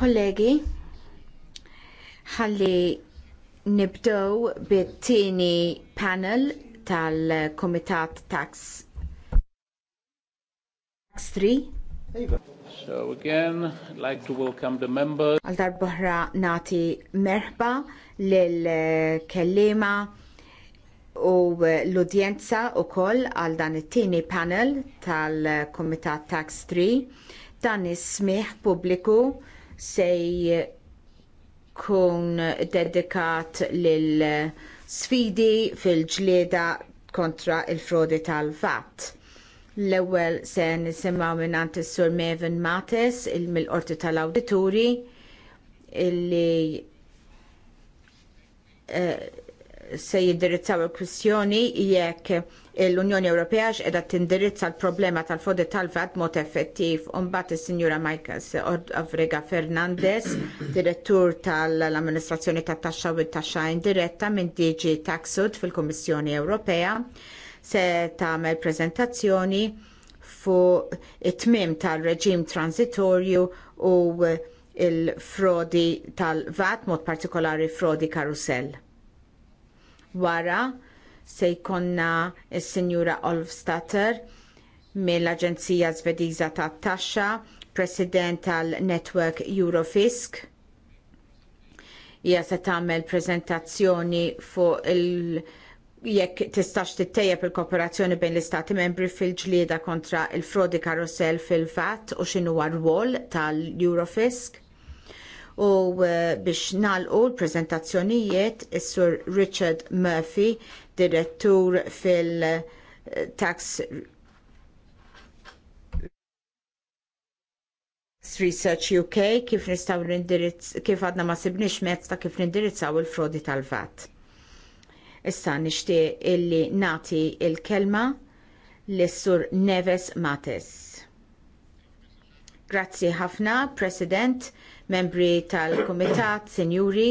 Kollegi, ħalli nibdow bit-tieni panel tal-Komitat Tax Tax 3. So again, I'd like to welcome the members. Għal darbohra nati merħba lil-kellima u l-udjenza u koll għal dan it-tieni panel tal-Komitat Tax 3 dan is smih publiku se jkun dedikat lil sfidi fil-ġlieda kontra l frodi tal vatt L-ewwel se nisimgħu minn is-Sur Mevin Mates mill-Qorti tal-Awdituri illi eh, se jindirizzaw il-kwistjoni jekk l-Unjoni Ewropea x'qiegħda tindirizza l-problema tal-frodi tal-vat mod effettiv. Mbagħad is-Sinjura Michaels Avrega Fernandez, direttur tal-Amministrazzjoni tat-Taxxa u t-Taxxa Indiretta minn DG Taxud fil-Kummissjoni Ewropea se tagħmel preżentazzjoni fuq it-tmiem tal-reġim transitorju u il-frodi tal-vat, mod partikolari frodi karusell. Wara, se jkollna s-Sinjura Olfstatter mill-Aġenzija Svediża tat-Taxxa, President tal-Network Eurofisk. Hija se tagħmel preżentazzjoni fuq il- jekk tistax tittejjeb il-kooperazzjoni bejn l-istati membri fil-ġlieda kontra il frodi karusell fil-VAT u għar rwol tal-Eurofisk. U eh, biex nagħlqu l-preżentazzjonijiet is-Sur Richard Murphy direttur fil-Tax eh, Research UK kif nistaw nindirizz kif għadna ma sibniex mezz ta' kif nindirizzaw il-frodi tal-VAT. Issa nixtieq illi nati il-kelma l-Sur Neves Mates. Grazzi ħafna, President, membri tal-Kumitat, Sinjuri.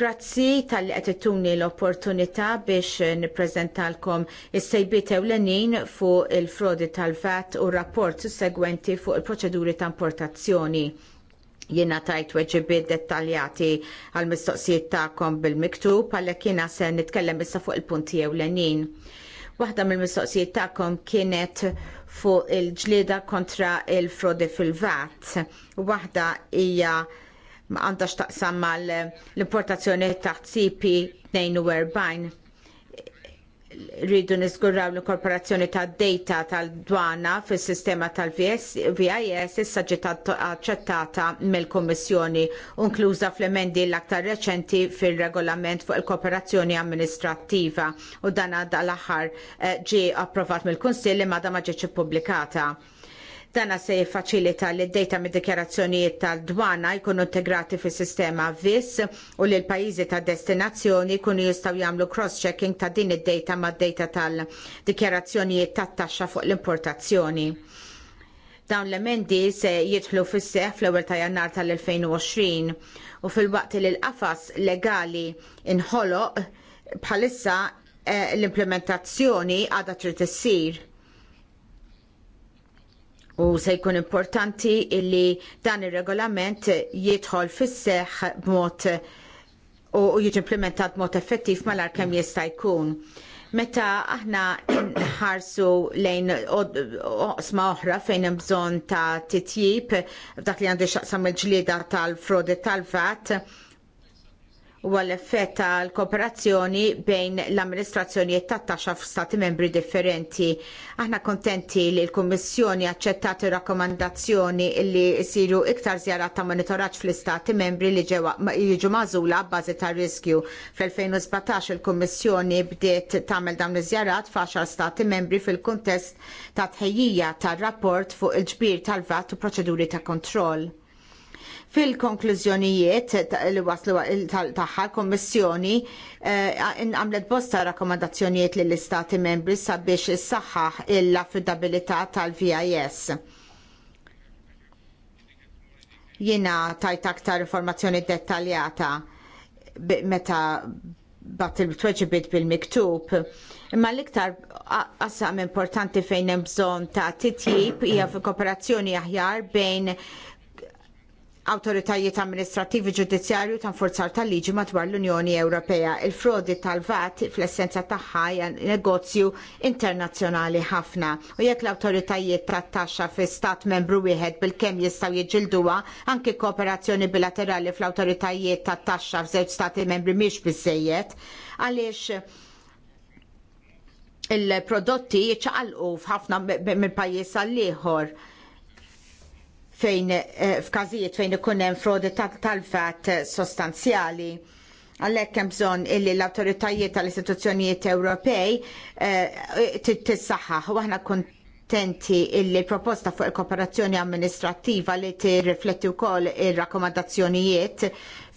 Grazzi tal-li għetettuni l-opportunità biex niprezentalkom is-sejbiet ewlenin fuq il-frodi tal-VAT u rapport segwenti fuq il-proċeduri ta' importazzjoni. Jiena tajt weġibiet dettaljati għal mistoqsijiet ta'kom bil-miktub għalhekk jiena se nitkellem issa fuq il-punti ewlenin. Waħda mill-mistoqsijiet ta'kom kienet fuq il-ġlieda kontra il-frodi fil-VAT. Waħda hija ma għandax taqsam mal eh, l-importazzjoni ta' tsipi 42 rridu niżguraw l-inkorporazzjoni tad data tal-dwana fis sistema tal-VIS issa ġiet aċċettata mill-Kummissjoni u fl-emendi l-aktar reċenti fir regolament fuq il-kooperazzjoni amministrattiva u dan għadha l-aħħar eh, ġie approvat mill-Kunsill imma da ma ġietx ippubblikata. Dana se jiffaċilita li d-dejta mid dikjarazzjonijiet tal-dwana jkunu integrati fis sistema VIS u li l-pajizi ta' destinazzjoni jkunu jistaw jagħmlu cross-checking ta' din id-dejta mad dejta tal-dikjarazzjonijiet tat-taxxa fuq l-importazzjoni dawn l-emendi se jidħlu fis seħħ fl ewwel ta' jannar tal-2020 u fil-waqt li l-qafas legali inħoloq bħalissa eh, l-implementazzjoni għadha trid issir. U se jkun importanti illi dan ir-regolament jidħol fis-seħħ b'mod u jiġi implementat b'mod effettiv mal-ar kemm jista' jkun. Meta aħna nħarsu lejn oqsma oħra fejn hemm bżonn ta' titjib dak li għandu xaqsam il-ġlieda tal-frodi tal-vat, tal frodi tal vat u l-effett tal-kooperazzjoni bejn l-amministrazzjonijiet tat-taxxa f'stati membri differenti. Aħna kontenti li l-Kummissjoni aċċettat ir-rakkomandazzjoni li jsiru iktar żjarat ta' monitoraġġ fl-istati membri li jiġu magħżula bbażi tar riskju. Fl-2017 il-Kummissjoni bdiet tagħmel dawn iż-żjarat f'għaxar stati membri fil-kuntest ta' tħejjija tar-rapport fuq il-ġbir tal-vat u proċeduri ta' kontroll Fil-konklużjonijiet li waslu tagħha l-Kommissjoni eh, għamlet bosta rakkomandazzjonijiet lill istati membri sabiex issaħħaħ l-affidabilità tal-VIS jina tajt aktar informazzjoni dettaljata meta bat il-tweġibit bil-miktub. Imma l-iktar qassam importanti fejn hemm bżonn ta' titjib hija kooperazzjoni aħjar bejn awtoritajiet amministrativi ġudizzjarju ta' forzar tal-liġi madwar l-Unjoni Ewropea. Il-frodi tal-VAT fl-essenza tagħha negozju internazzjonali ħafna. U jekk l-awtoritajiet tat-taxxa fi stat membru wieħed bil-kemm jistgħu jiġilduha anke kooperazzjoni bilaterali fl-awtoritajiet tat-taxxa f'żewġ stati membri mhix biżejjed. Għaliex il-prodotti jiċċaqalqu f'ħafna mill-pajjiż għall ieħor fejn eh, f'każijiet fejn ikun hemm frodi tal fatt eh, sostanzjali. Għalhekk hemm bżonn illi l-awtoritajiet tal-istituzzjonijiet Ewropej eh, tissaħħaħ u aħna kontenti illi proposta fuq il-kooperazzjoni amministrattiva li tirrifletti wkoll ir-rakkomandazzjonijiet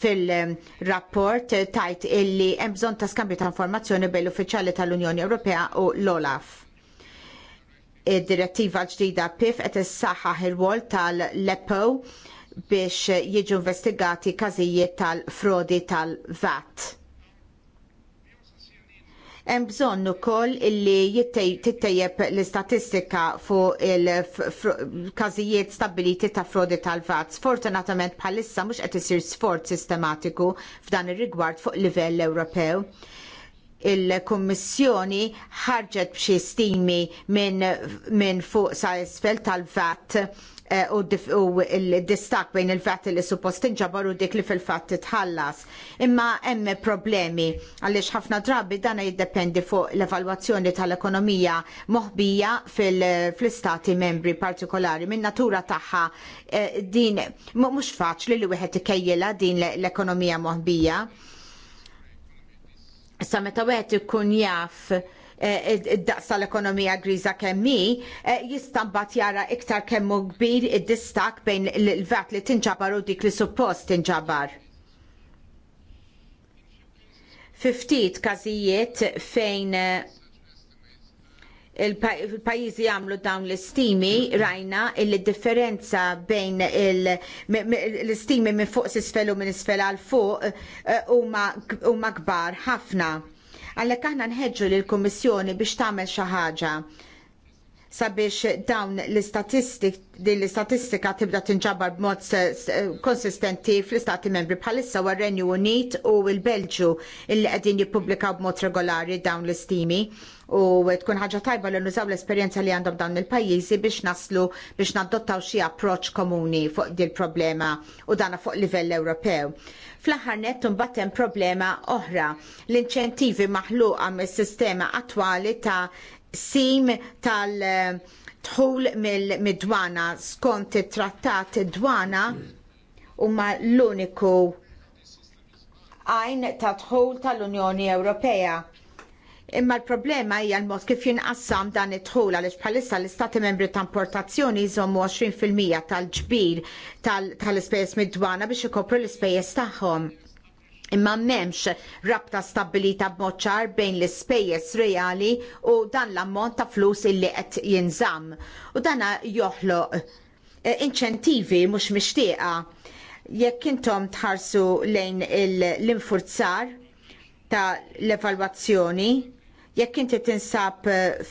fil-rapport tajt illi hemm bżonn ta' skambju ta' informazzjoni bejn l-uffiċjali tal-Unjoni Ewropea u l-OLAF Id-direttiva ġdida PIF qed issaħħaħ il-wol tal-LEPO biex jiġu investigati każijiet tal-frodi tal-VAT. Hemm bżonn ukoll illi tittejjeb l-istatistika fuq il-każijiet stabbiliti ta' frodi tal-VAT. Sfortunatament bħalissa mhux qed isir sforz sistematiku f'dan ir-rigward fuq livell Ewropew il-Kommissjoni ħarġet b'xi stimi minn min fuq sa isfel tal-VAT eh, u il-distak bejn il-VAT li suppost inġabar u dik li fil-fatt titħallas. Imma hemm problemi għaliex ħafna drabi dana jiddependi fuq l-evalwazzjoni tal-ekonomija moħbija fil-istati membri partikolari minn natura tagħha eh, din mhux faċli li wieħed ikejjela din l-ekonomija moħbija Sa meta wieħed ikun jaf eh, id-daqs tal-ekonomija griża kemmi, eh, jistambat jara iktar kemmu kbir id-distak bejn il-vat li tinġabar u dik li suppost tinġabar. Fiftit każijiet fejn eh, il-pajizi għamlu dawn l-istimi, rajna il-differenza bejn l-istimi minn fuq s-isfel u minn isfel għal fuq eh, u kbar ħafna. Għallek aħna nħedġu l kummissjoni biex tagħmel xi ħaġa sabiex dawn l-istatistika tibda tinġabar b'mod konsistenti fl-istati membri bħalissa war Renju Unit u l-Belġu illi qegħdin jippubblikaw b'mod regolari dawn l-istimi u tkun ħaġa tajba li nużaw l-esperjenza li għandhom dawn il-pajjiżi biex naslu biex nadottaw xi approċċ komuni fuq dil problema u dana fuq livell Ewropew. Fl-aħħar nett imbagħad hemm problema oħra l-inċentivi maħluqa mis-sistema attwali ta' sim tal- dħul mill-dwana skont it-trattat dwana huma l-uniku għajn ta' dħul tal-Unjoni Ewropea Imma l-problema hija l-mod kif jinqassam dan id-dħul għaliex bħalissa l-istati membri ta' importazzjoni jżommu 20% tal-ġbir tal-ispejjeż tal ġbir tal ispejjeż midwana mid dwana biex ikopru l-ispejjeż tagħhom. Imma m'hemmx rabta stabbilita b'mod ċar bejn l-ispejjeż reali u dan l-ammont ta' flus illi qed jinżamm. U dan joħloq eh, inċentivi mhux mixtieqa jekk intom tħarsu lejn l-infurzar ta' l-evalwazzjoni Jekk inti tinsab eh,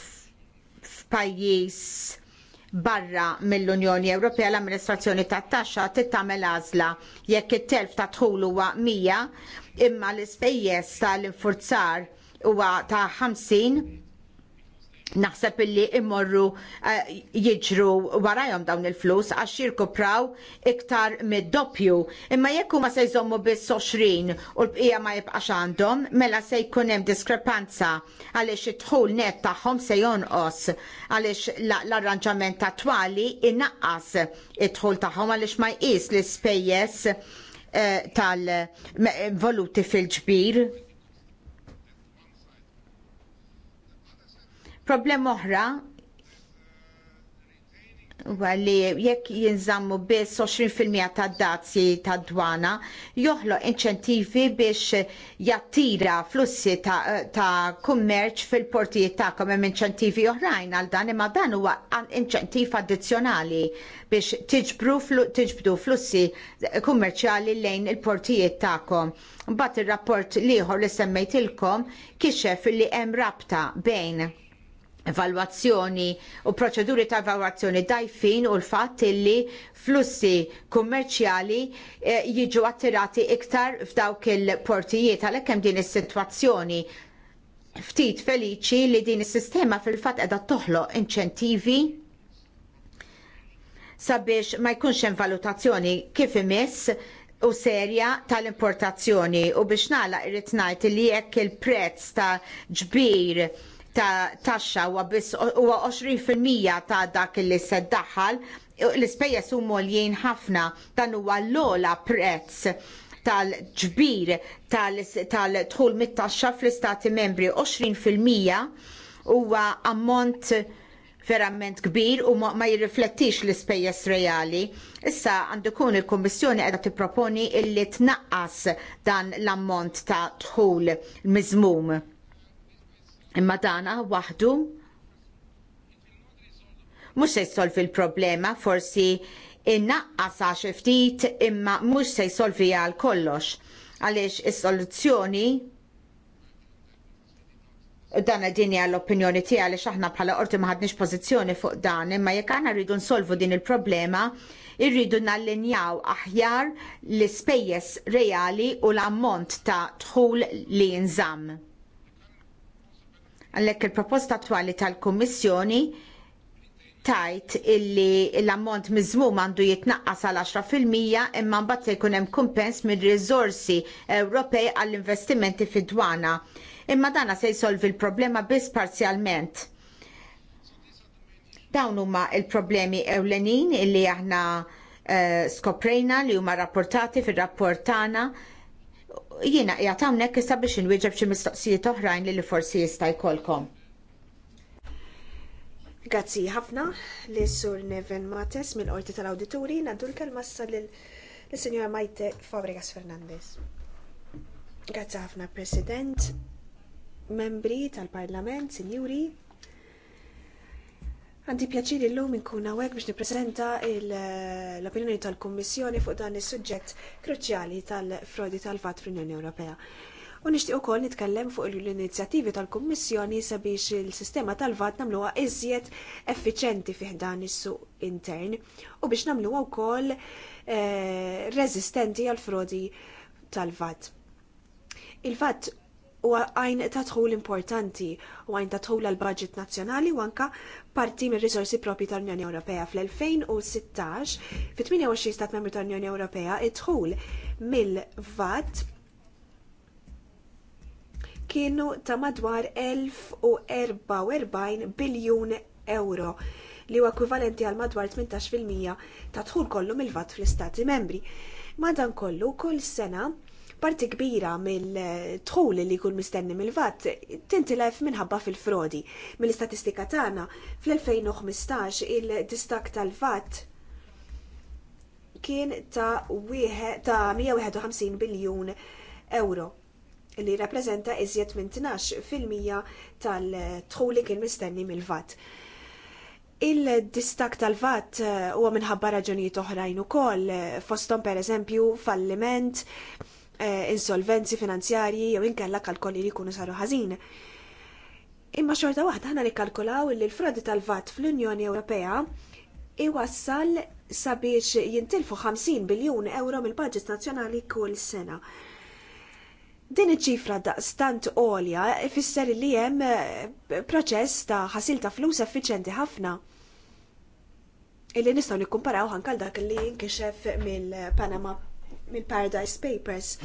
f'pajjiż barra mill-Unjoni Ewropea l-amministrazzjoni tat taxxa tittamel għażla jekk it-telf ta' dħul huwa 100 imma l-ispejjeż tal-infurzar huwa ta' 50 naħseb illi immorru eh, jiġru warajhom dawn il-flus għax jirkupraw iktar mid-doppju. Imma jekk huma se jżommu biss 20 u l-bqija ma jibqax għandhom, mela se jkun hemm diskrepanza għaliex id-dħul net tagħhom se jonqos għaliex l-arranġament attwali inaqqas id-dħul tagħhom għaliex ma jqis l-ispejjeż eh, tal-voluti fil-ġbir Problem oħra għalli jekk jinżammu biss 20% ta' dazzi ta' dwana joħlo inċentivi biex jattira flussi ta', ta kummerċ fil-portijiet tagħkom hemm inċentivi oħrajn għal dan imma dan huwa inċentiv addizzjonali biex tiġbru tiġbdu flussi kummerċjali lejn il-portijiet tagħkom. Mbagħad ir-rapport liħor li semmejtilkom kixef li hemm rabta bejn evalwazzjoni u proċeduri ta' evalwazzjoni dajfin u l-fatt li flussi kummerċjali eh, jiġu attirati iktar f'dawk il-portijiet għalhekk hemm din is-sitwazzjoni ftit feliċi li din is-sistema fil-fatt qiegħda toħloq inċentivi sabiex ma jkunx hemm valutazzjoni kif imiss u serja tal-importazzjoni u biex nagħlaq irrid ngħid li jekk il-prezz ta' ġbir ta' taxxa huwa biss huwa 20% ta' dak li se ddaħħal l-ispejjeż huma għoljin ħafna dan huwa l-ogħla prezz tal-ġbir tal-dħul mit-taxxa fl-istati membri 20% huwa ammont verament kbir u ma jirriflettix l-ispejjeż reali. Issa għandu kun il-Kommissjoni qiegħda tipproponi illi tnaqqas dan l-ammont ta' dħul miżmum Imma dana waħdu mhux se jsolvi l-problema forsi innaqqas għax ftit imma mhux se jsolvi għal kollox għaliex is-soluzzjoni dan din hija l-opinjoni tiegħi li aħna bħala qorti ma ħadniex pożizzjoni fuq dan, imma jekk aħna rridu nsolvu din il-problema, irridu nallinjaw aħjar l-ispejjeż reali u l-ammont ta' dħul li nżamm. Għalhekk il-proposta attwali tal-Kummissjoni tajt illi l-ammont miżmum għandu jitnaqqas għal 10% imma mbagħad se jkun hemm kumpens minn riżorsi Ewropej għall-investimenti fid-dwana. Imma dana se jsolvi l-problema biss parzjalment dawn huma l problemi ewlenin illi aħna uh, skoprejna li huma rapportati fir-rapport tagħna jiena qiegħed hawnhekk issa biex inwieġeb xi mistoqsijiet oħrajn li forsi jista' jkollkom. Grazzi ħafna li sur Neven Mates mill qorti tal-Awdituri naddu l-kelma s lill-Sinjora Majte Fabregas Fernandez. Grazzi ħafna President, membri tal-Parlament, Sinjuri, Għandi pjaċiri l-lum inkun għawek biex niprezenta eh, l-opinjoni tal-Kommissjoni fuq dan is-suġġett kruċjali tal-frodi tal fat fl-Unjoni Ewropea. U nixtieq ukoll nitkellem fuq l-inizjattivi tal-Kummissjoni sabiex il-sistema tal-vat nagħmluha iżjed effiċenti fih dan is-suq intern u biex nagħmluha wkoll koll eh, reżistenti għal frodi tal fat il fat u għajn ta' tħul importanti u għajn ta' tħul għal budget nazzjonali u anka parti mir risorsi propri tal-Unjoni Ewropea fl-2016 fit-28 stat membri tal-Unjoni Ewropea it-tħul mill-VAT kienu ta' madwar 1044 biljun euro li huwa ekwivalenti għal madwar 18% ta' tħul kollu mill-vat fl-istati membri. Madankollu, kull sena parti kbira mill-tħul li jkun mistenni mill-vat tintilef minħabba fil-frodi. Mill-istatistika tagħna fl-2015 il-distak tal-vat kien ta' 151 biljun euro li rappresenta iżjed minn 12% tal-tħul li kien mistenni mill-vat. Il-distak tal-vat eh, huwa minħabba raġunijiet oħrajn ukoll, eh, fosthom pereżempju falliment, Eh, insolvenzi finanzjarji jew inkella kalkoli li jkunu saru ħażin. Imma xorta waħda ħana nikkalkulaw li l-frodi tal-VAT fl-Unjoni Ewropea iwassal sabiex jintilfu 50 biljun euro mill-budget nazzjonali kull sena. Din iċ-ċifra daqstant olja ifisser li hemm eh, proċess ta' ħasil ta' flus effiċenti ħafna illi nistgħu nikkumparaw ħankal dak li nkixef mill-Panama mill-Paradise Papers.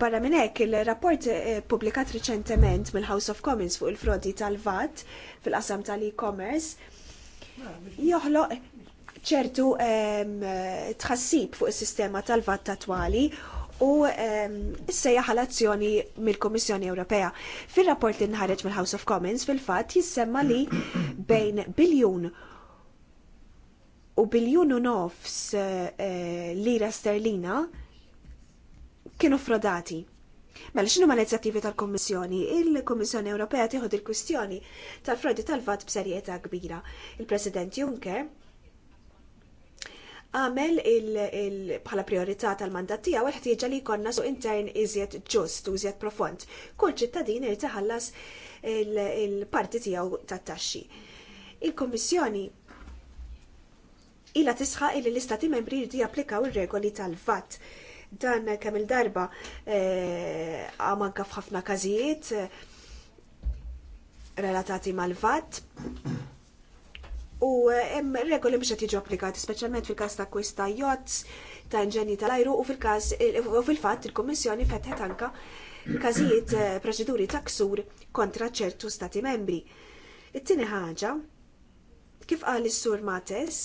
Barra minn hekk il-rapport eh, pubblikat riċentement mill-House of Commons fuq il-frodi tal-VAT fil-qasam tal-e-commerce joħloq ċertu tħassib fuq is-sistema tal-VAT attwali u issejjaħ l-azzjoni mill-Kummissjoni Ewropea. Fir-rapport li nħareġ mill-House of Commons fil-fatt jissemma li bejn biljun u biljunu nofs eh, eh, lira sterlina kienu frodati. Mela x'inhuma l-inizjattivi tal-Kommissjoni? Il-Kommissjoni Ewropea tieħu il-kwistjoni tal-frodi tal-vat b'serjetà kbira. Il-President Juncker għamel bħala priorità tal-mandat tiegħu ħtieġa li jkollna su intern iżjed ġust u iżjed profond. Kull ċittadin irid iħallas il-parti tiegħu tat-taxxi. Il-Kommissjoni ila tisħa illi l-istati membri jridu japplikaw ir-regoli tal-VAT. Dan kemm il-darba eh, għamanka f'ħafna każijiet eh, relatati mal-VAT. U eh, hemm regoli mhux qed jiġu applikati, speċjalment fil-każ ta' kwista jots ta' inġenji tal-ajru u fil-każ u fil-fatt il-Kummissjoni fetħet anka każijiet proċeduri ta' ksur kontra ċertu stati membri. It-tieni ħaġa, kif qal is-Sur Mates,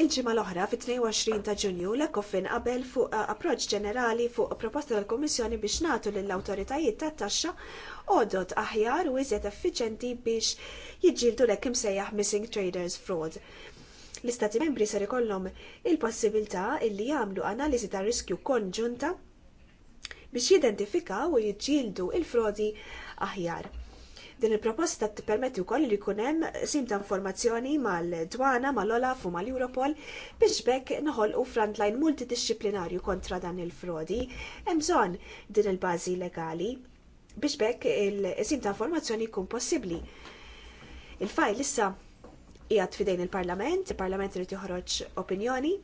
Il-ġimgħa l-oħra fit-22 ta' Ġunju l-Ekofin qabel fuq eh, approċċ ġenerali fuq proposta tal-Kummissjoni biex nagħtu lill-awtoritajiet tat-taxxa għodot aħjar u iżjed effiċenti biex jiġġieldu lek imsejjaħ Missing Traders Fraud. L-Istati membri ser ikollhom il-possibilità illi jagħmlu analiżi ta' riskju konġunta biex jidentifikaw u jiġġieldu il-frodi aħjar. Din il-proposta tippermetti wkoll li jkun hemm sim ta' informazzjoni mal-dwana, mal-olaf u mal-Europol biex bekk u frontline multidisciplinarju kontra dan il-frodi. Hemm bżonn din il-bażi legali biex bekk il-sim ta' informazzjoni jkun possibbli. Il-fajl issa jgħat fidejn il-Parlament, il-Parlament rrit joħroġ opinjoni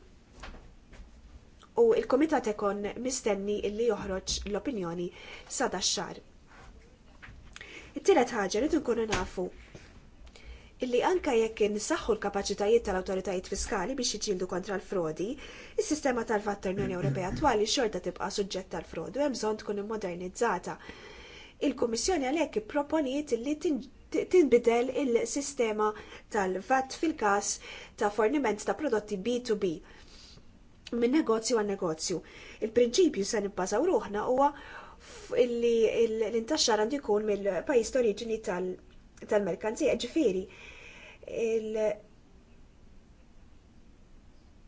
u il-Komitat ekon mistenni illi joħroġ l-opinjoni sa' xar. It-tielet ħaġa li nkunu nafu illi anka jekk insaħħu l-kapaċitajiet tal-awtoritajiet fiskali biex jiġildu kontra l-frodi, is-sistema tal-vat tal-Unjoni Ewropea attwali xorta tibqa' suġġett tal-frodi u hemm bżonn tkun immodernizzata. Il-Kummissjoni għalhekk ipproponiet illi tinbidel il-sistema tal-VAT fil-każ ta' forniment ta' prodotti B2B minn negozju għal negozju. Il-prinċipju se nibbażaw ruħna huwa illi l-intaxxar għandu jkun mill-pajjiż t-oriġini tal-merkanzija, ġifieri.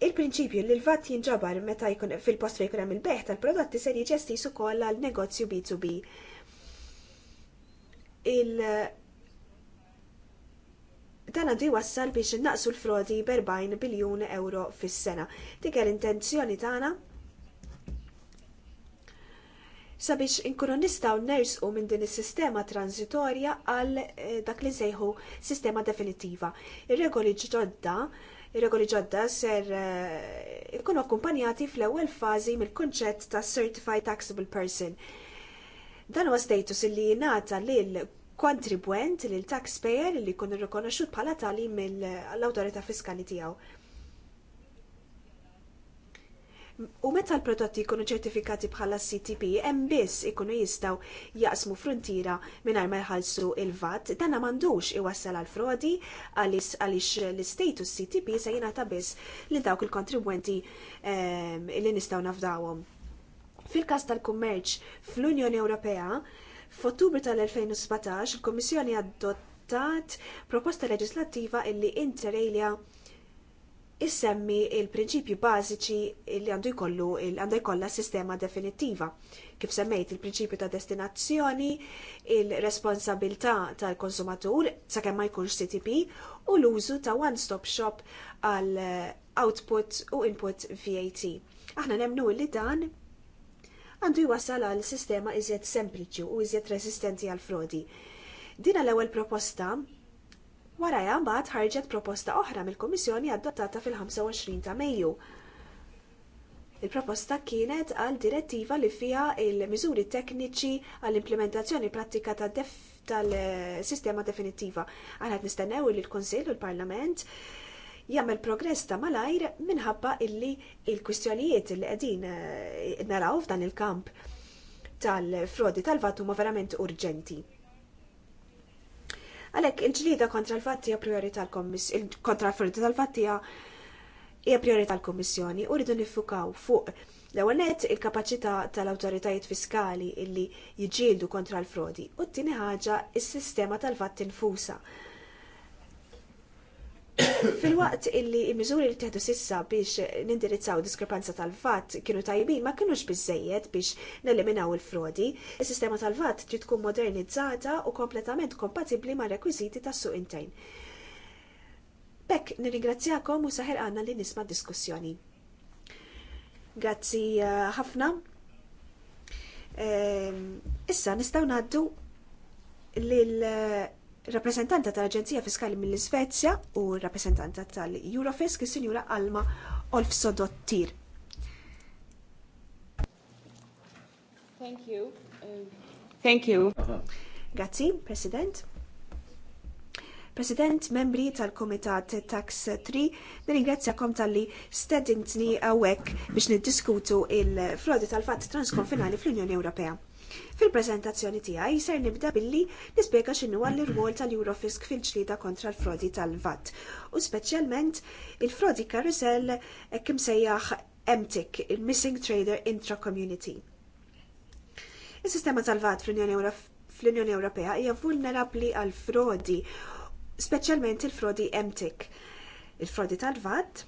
Il-prinċipju li l-vat jinġabar meta jkun fil-post fejn jkun hemm il-beħ tal-prodotti ser jiġi su ukoll għal negozju B2B. Il dan għandu jwassal biex innaqsu l-frodi b'40 biljun euro fis-sena. Dik l-intenzjoni tagħna sabiex inkunu nistgħu nersqu minn din is-sistema transitorja għal eh, dak li sejħu sistema definittiva. Ir-regoli ġodda Ir-regoli ġodda ser eh, ikunu akkumpanjati fl-ewwel fażi mill-kunċett ta' Certified Taxable Person. Dan huwa status li jingħata lil kontribwent lil taxpayer li jkun irrikonoxxut bħala tali mill-awtorità fiskali tiegħu. U meta l-prodotti jkunu ċertifikati bħala CTP, hemm biss ikunu jistgħu jaqsmu frontiera mingħajr ma jħallsu il-VAT, dan m'għandux iwassal għal frodi għaliex l-istatus CTP se jingħata biss li dawk il-kontribwenti ehm, li nistgħu nafdawhom. Fil-każ tal-kummerċ fl-Unjoni Ewropea, f'Ottubru tal-2017 il-Kummissjoni adottat proposta leġislattiva illi interejlja issemmi il-prinċipju bażiċi li għandu jkollu għandu jkollha sistema definittiva. Kif semmejt il-prinċipju ta' destinazzjoni, il-responsabilità tal-konsumatur sakemm ma jkunx CTP u l-użu ta' one-stop shop għal output u input VAT. Aħna nemnu li dan għandu jwassal għal sistema iżjed sempliċi u iżjed resistenti għal frodi. Dina l-ewwel proposta Waraja mbagħad ħarġet proposta oħra mill-Kummissjoni adottata fil-25 ta' Mejju. Il-proposta kienet għal direttiva li fiha il-miżuri tekniċi għall-implementazzjoni prattika ta' def tal-sistema definittiva. Għana nistennew li l-Konsil u l-Parlament jagħmel progress ta' malajr minħabba illi il-kwistjonijiet li qegħdin eh, naraw f'dan il-kamp tal-frodi tal vatu huma verament urġenti. Għalhekk il-ġlieda kontra l-fattija priorita l-Kommissjoni, kontra l fattija tal-fattija hija priorita l-Kummissjoni u rridu nifukaw fuq l-ewwel nett il-kapaċità tal-awtoritajiet fiskali illi jiġġieldu kontra l-frodi u t tini ħaġa il sistema tal-fatt infusa Fil-waqt illi il-miżuri li teħdu sissa biex nindirizzaw diskrepanza tal fat kienu tajbin ma kienux biżejjed biex neliminaw il-frodi, il-sistema tal fat trid tkun modernizzata u kompletament kompatibbli ma' rekwiziti tas-suq intern. Bekk nirringrazzjakom u saħer għanna li nisma' diskussjoni. Grazzi eh, ħafna. Ehm, issa nistaw naddu lil eh, rappresentanta tal-Aġenzija Fiskali mill-Svezja u rappresentanta tal-Eurofisk, il-Sinjura Alma Olfsodottir. Thank you. Thank you. Grazzi, President. President, membri tal-Komitat Tax 3, nirringrazzjakom tal-li stedintni għawek biex niddiskutu il-frodi tal-fat transkonfinali fl-Unjoni Ewropea. Fil-prezentazzjoni tiegħi ser nibda billi nispjega x'inhu l-irwol tal-Eurofisk fil ġlieda kontra l-frodi tal-VAT u speċjalment il-frodi karusell eh, kim sejjaħ MTIC, il-Missing Trader Intra-Community. Il-sistema tal-VAT fl-Unjoni Ewropea hija vulnerabbli għal frodi, speċjalment il-frodi MTIC. Il-frodi tal-VAT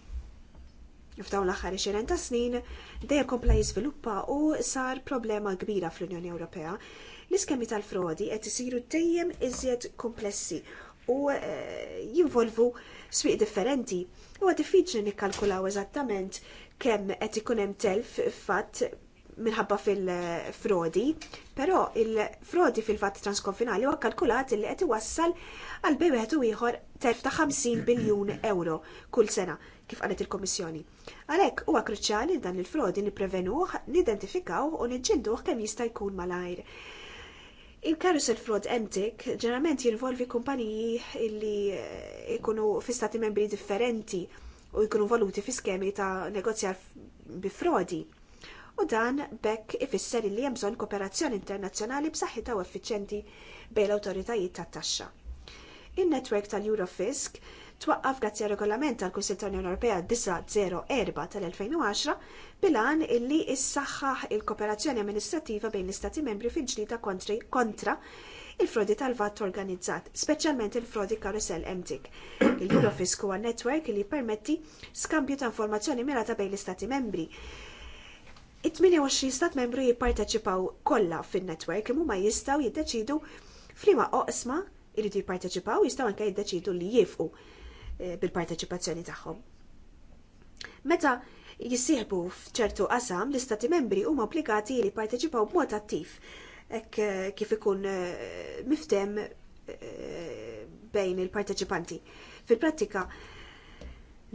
f'dawn l-aħħar 20 ta' snin dejjem kompla jiżviluppa u sar problema kbira fl-Unjoni Ewropea. L-iskemi tal-frodi qed isiru dejjem iżjed komplessi u eh, jinvolvu swieq differenti. Huwa diffiċli nikkalkulaw eżattament kemm qed ikun hemm telf fatt minħabba fil-frodi, però il-frodi fil-fatt transkonfinali huwa kalkulat li qed iwassal għal bewħet u ieħor telf ta' 50 biljun euro kull sena kif qalet il-Komissjoni. Għalhekk huwa kruċjali dan il-frodi nipprevenuh, nidentifikaw u niġġinduh kemm jista' jkun malajr. Il-carousel fraud emtik ġeneralment jinvolvi kumpaniji li jkunu eh, fi stati membri differenti u jkunu voluti fi skemi ta' negozjar bi frodi. U dan bekk ifisser li hemm bżonn kooperazzjoni internazzjonali b'saħħitha u effiċjenti bejn l-awtoritajiet tat-taxxa. In-netwerk tal-Eurofisk twaqqaf grazzi regolament tal-Kunsil tal-Unjoni Ewropea 904 tal-2010 bilan illi issaħħaħ il-kooperazzjoni amministrativa bejn l-Istati membri fil-ġlida kontra il-frodi tal-vat organizzat, speċjalment il-frodi karusel emtik. Il-Eurofisku huwa netwerk li permetti skambju ta' informazzjoni mirata bejn l-Istati membri. It-28 stat membru jipparteċipaw kollha fin-netwerk imma huma jistgħu jiddeċidu f'liema oqsma jridu jipparteċipaw jistgħu anke jiddeċidu li jifqu Eh, bil-parteċipazzjoni tagħhom. Meta jissieħbu f'ċertu qasam l-istati membri huma obbligati li jipparteċipaw b'mod attiv hekk eh, kif ikun eh, miftem bejn il-parteċipanti. Fil-prattika,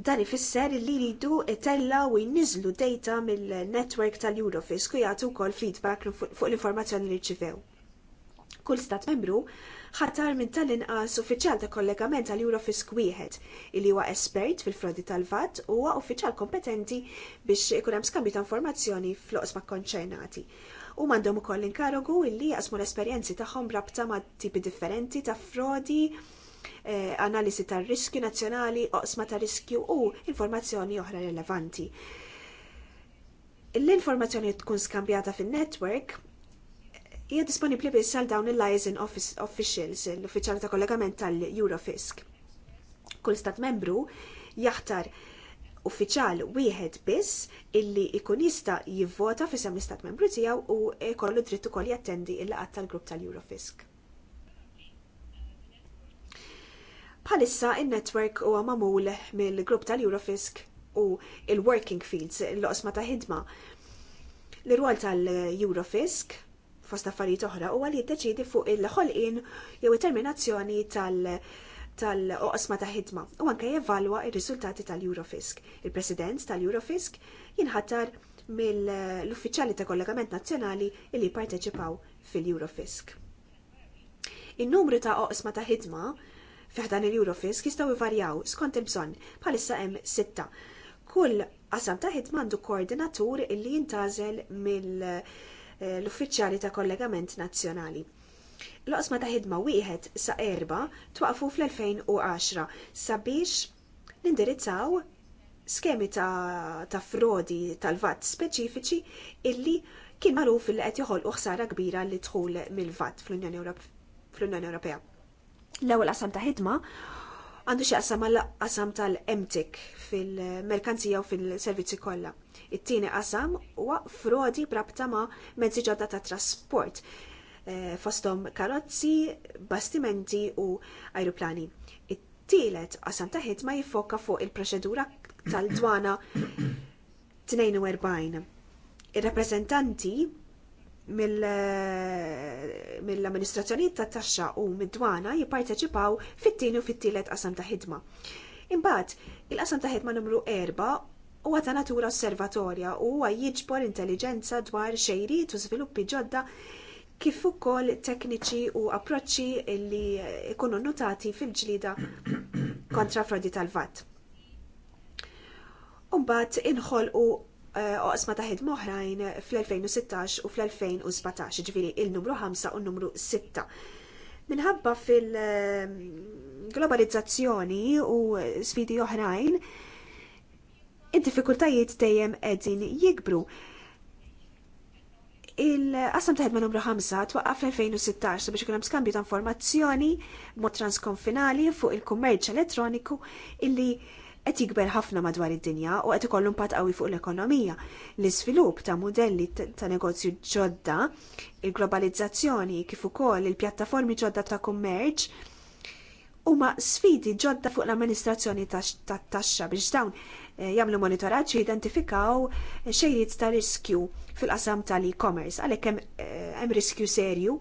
dan ifisser li jridu itella u jniżlu data mill-network tal-Eurofis u jagħtu wkoll feedback fuq l-informazzjoni li rċivew. Kull stat membru ħattar minn tal-inqas uffiċjal ta' kollegament għal Eurofisk wieħed illi huwa espert fil-frodi tal-VAT u huwa uffiċjal kompetenti biex ikun hemm skambju ta' informazzjoni fl-oqsma konċernati. U m'għandhom ukoll inkarogu illi jaqsmu l-esperjenzi tagħhom rabta ma' tipi differenti ta' frodi eh, analisi tar-riskju nazzjonali, oqsma ta' riskju u informazzjoni oħra rilevanti l-informazzjoni tkun skambjata fin network hija disponibbli biss għal dawn il-liaison officials, l-uffiċjali ta' kollegament tal-Eurofisk. Kull stat membru jaħtar uffiċjal wieħed biss illi jkun jista' jivvota fisem l-istat membru tiegħu u jkollu dritt ukoll jattendi il laqgħat tal-grupp tal-Eurofisk. Bħalissa in-network huwa magħmul mill-grupp tal-Eurofisk u il-working fields, l osma ta' ħidma. l irwal tal-Eurofisk fost affarijiet oħra u għalli jiddeċidi fuq il-ħolqien jew determinazzjoni tal- tal-oqsma ta' ħidma u anke jevalwa ir-riżultati tal-Eurofisk. Il-President tal-Eurofisk jinħatar mill-uffiċjali ta' kollegament nazzjonali li parteċipaw fil-Eurofisk. In-numru ta' oqsma ta' ħidma fiħdan il-Eurofisk jistgħu jvarjaw skont il-bżonn bħalissa hemm sitta. Kull qasam ta' ħidma għandu koordinatur illi jintażel mill- l-uffiċjali ta' kollegament nazzjonali. L-qosma ta' ħidma wieħed sa' erba twaqfu fl-2010 sabiex nindirizzaw skemi ta', ta frodi tal-vat speċifiċi illi kien magħruf li qed joħolqu ħsara kbira li dħul mill-vat fl-Unjoni Ewropea. L-ewwel qasam ta' ħidma għandu xi qasam għal qasam tal-emtik fil-merkanzija u fil-servizzi kollha. It-tieni qasam huwa frodi brabta ma' mezzi ġodda ta' trasport eh, fostom karozzi, bastimenti u ajruplani. It-tielet qasam ta' ħidma jiffoka fuq il-proċedura tal-dwana 42. Ir-rappreżentanti eh, mill-amministrazzjoni tat taxxa u mid-dwana jipparteċipaw fit-tieni u fit-tielet qasam ta' ħidma. Imbagħad, il-qasam ta' ħidma numru 4 huwa ta' natura osservatorja u huwa jiġbor intelligenza dwar xejrit u żviluppi ġodda kif ukoll tekniċi u approċċi li jkunu notati fil-ġlida kontra frodi tal-vatt. Umbat inħolqu eh, oqsma ta' ħidma oħrajn fl-2016 u fl-2017, ġviri il-numru 5 u n-numru 6. Minħabba fil-globalizzazzjoni eh, u sfidi oħrajn, id-diffikultajiet dejjem qegħdin jikbru. Il-qasam ta' ħedma numru 5 twaqqaf fl-2016 biex ikun hemm skambju ta' informazzjoni mod transkonfinali fuq il-kummerċ elettroniku illi qed jikber ħafna madwar id-dinja u qed ikollu impatt qawwi fuq l-ekonomija. L-iżvilupp ta' mudelli ta' negozju ġodda, il-globalizzazzjoni kif ukoll il-pjattaformi ġodda ta' kummerċ huma sfidi ġodda fuq l-amministrazzjoni tat-taxxa biex dawn eh, jagħmlu monitoraġġ jidentifikaw xejriet ta' riskju fil-qasam tal-e-commerce għalhekk hemm eh, riskju serju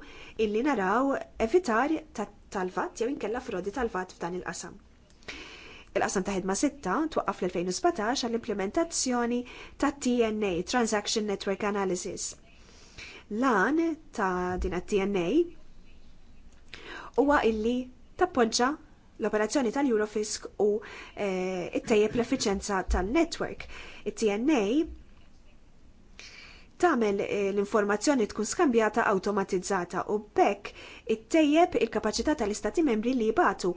illi naraw evitar tal vatt jew inkella frodi tal vatt f'dan il-qasam. Il-qasam ta' ħidma sitta twaqqaf fl-2017 għall-implementazzjoni ta' TNA, Transaction Network Analysis. Lan ta' din TNA huwa illi tappoġġa l-operazzjoni tal-Eurofisk u eh, it-tejjeb l-effiċenza tal-network. It-TNA tagħmel eh, l-informazzjoni tkun skambjata automatizzata u bekk ittejjeb il-kapaċità tal-istati membri li jibatu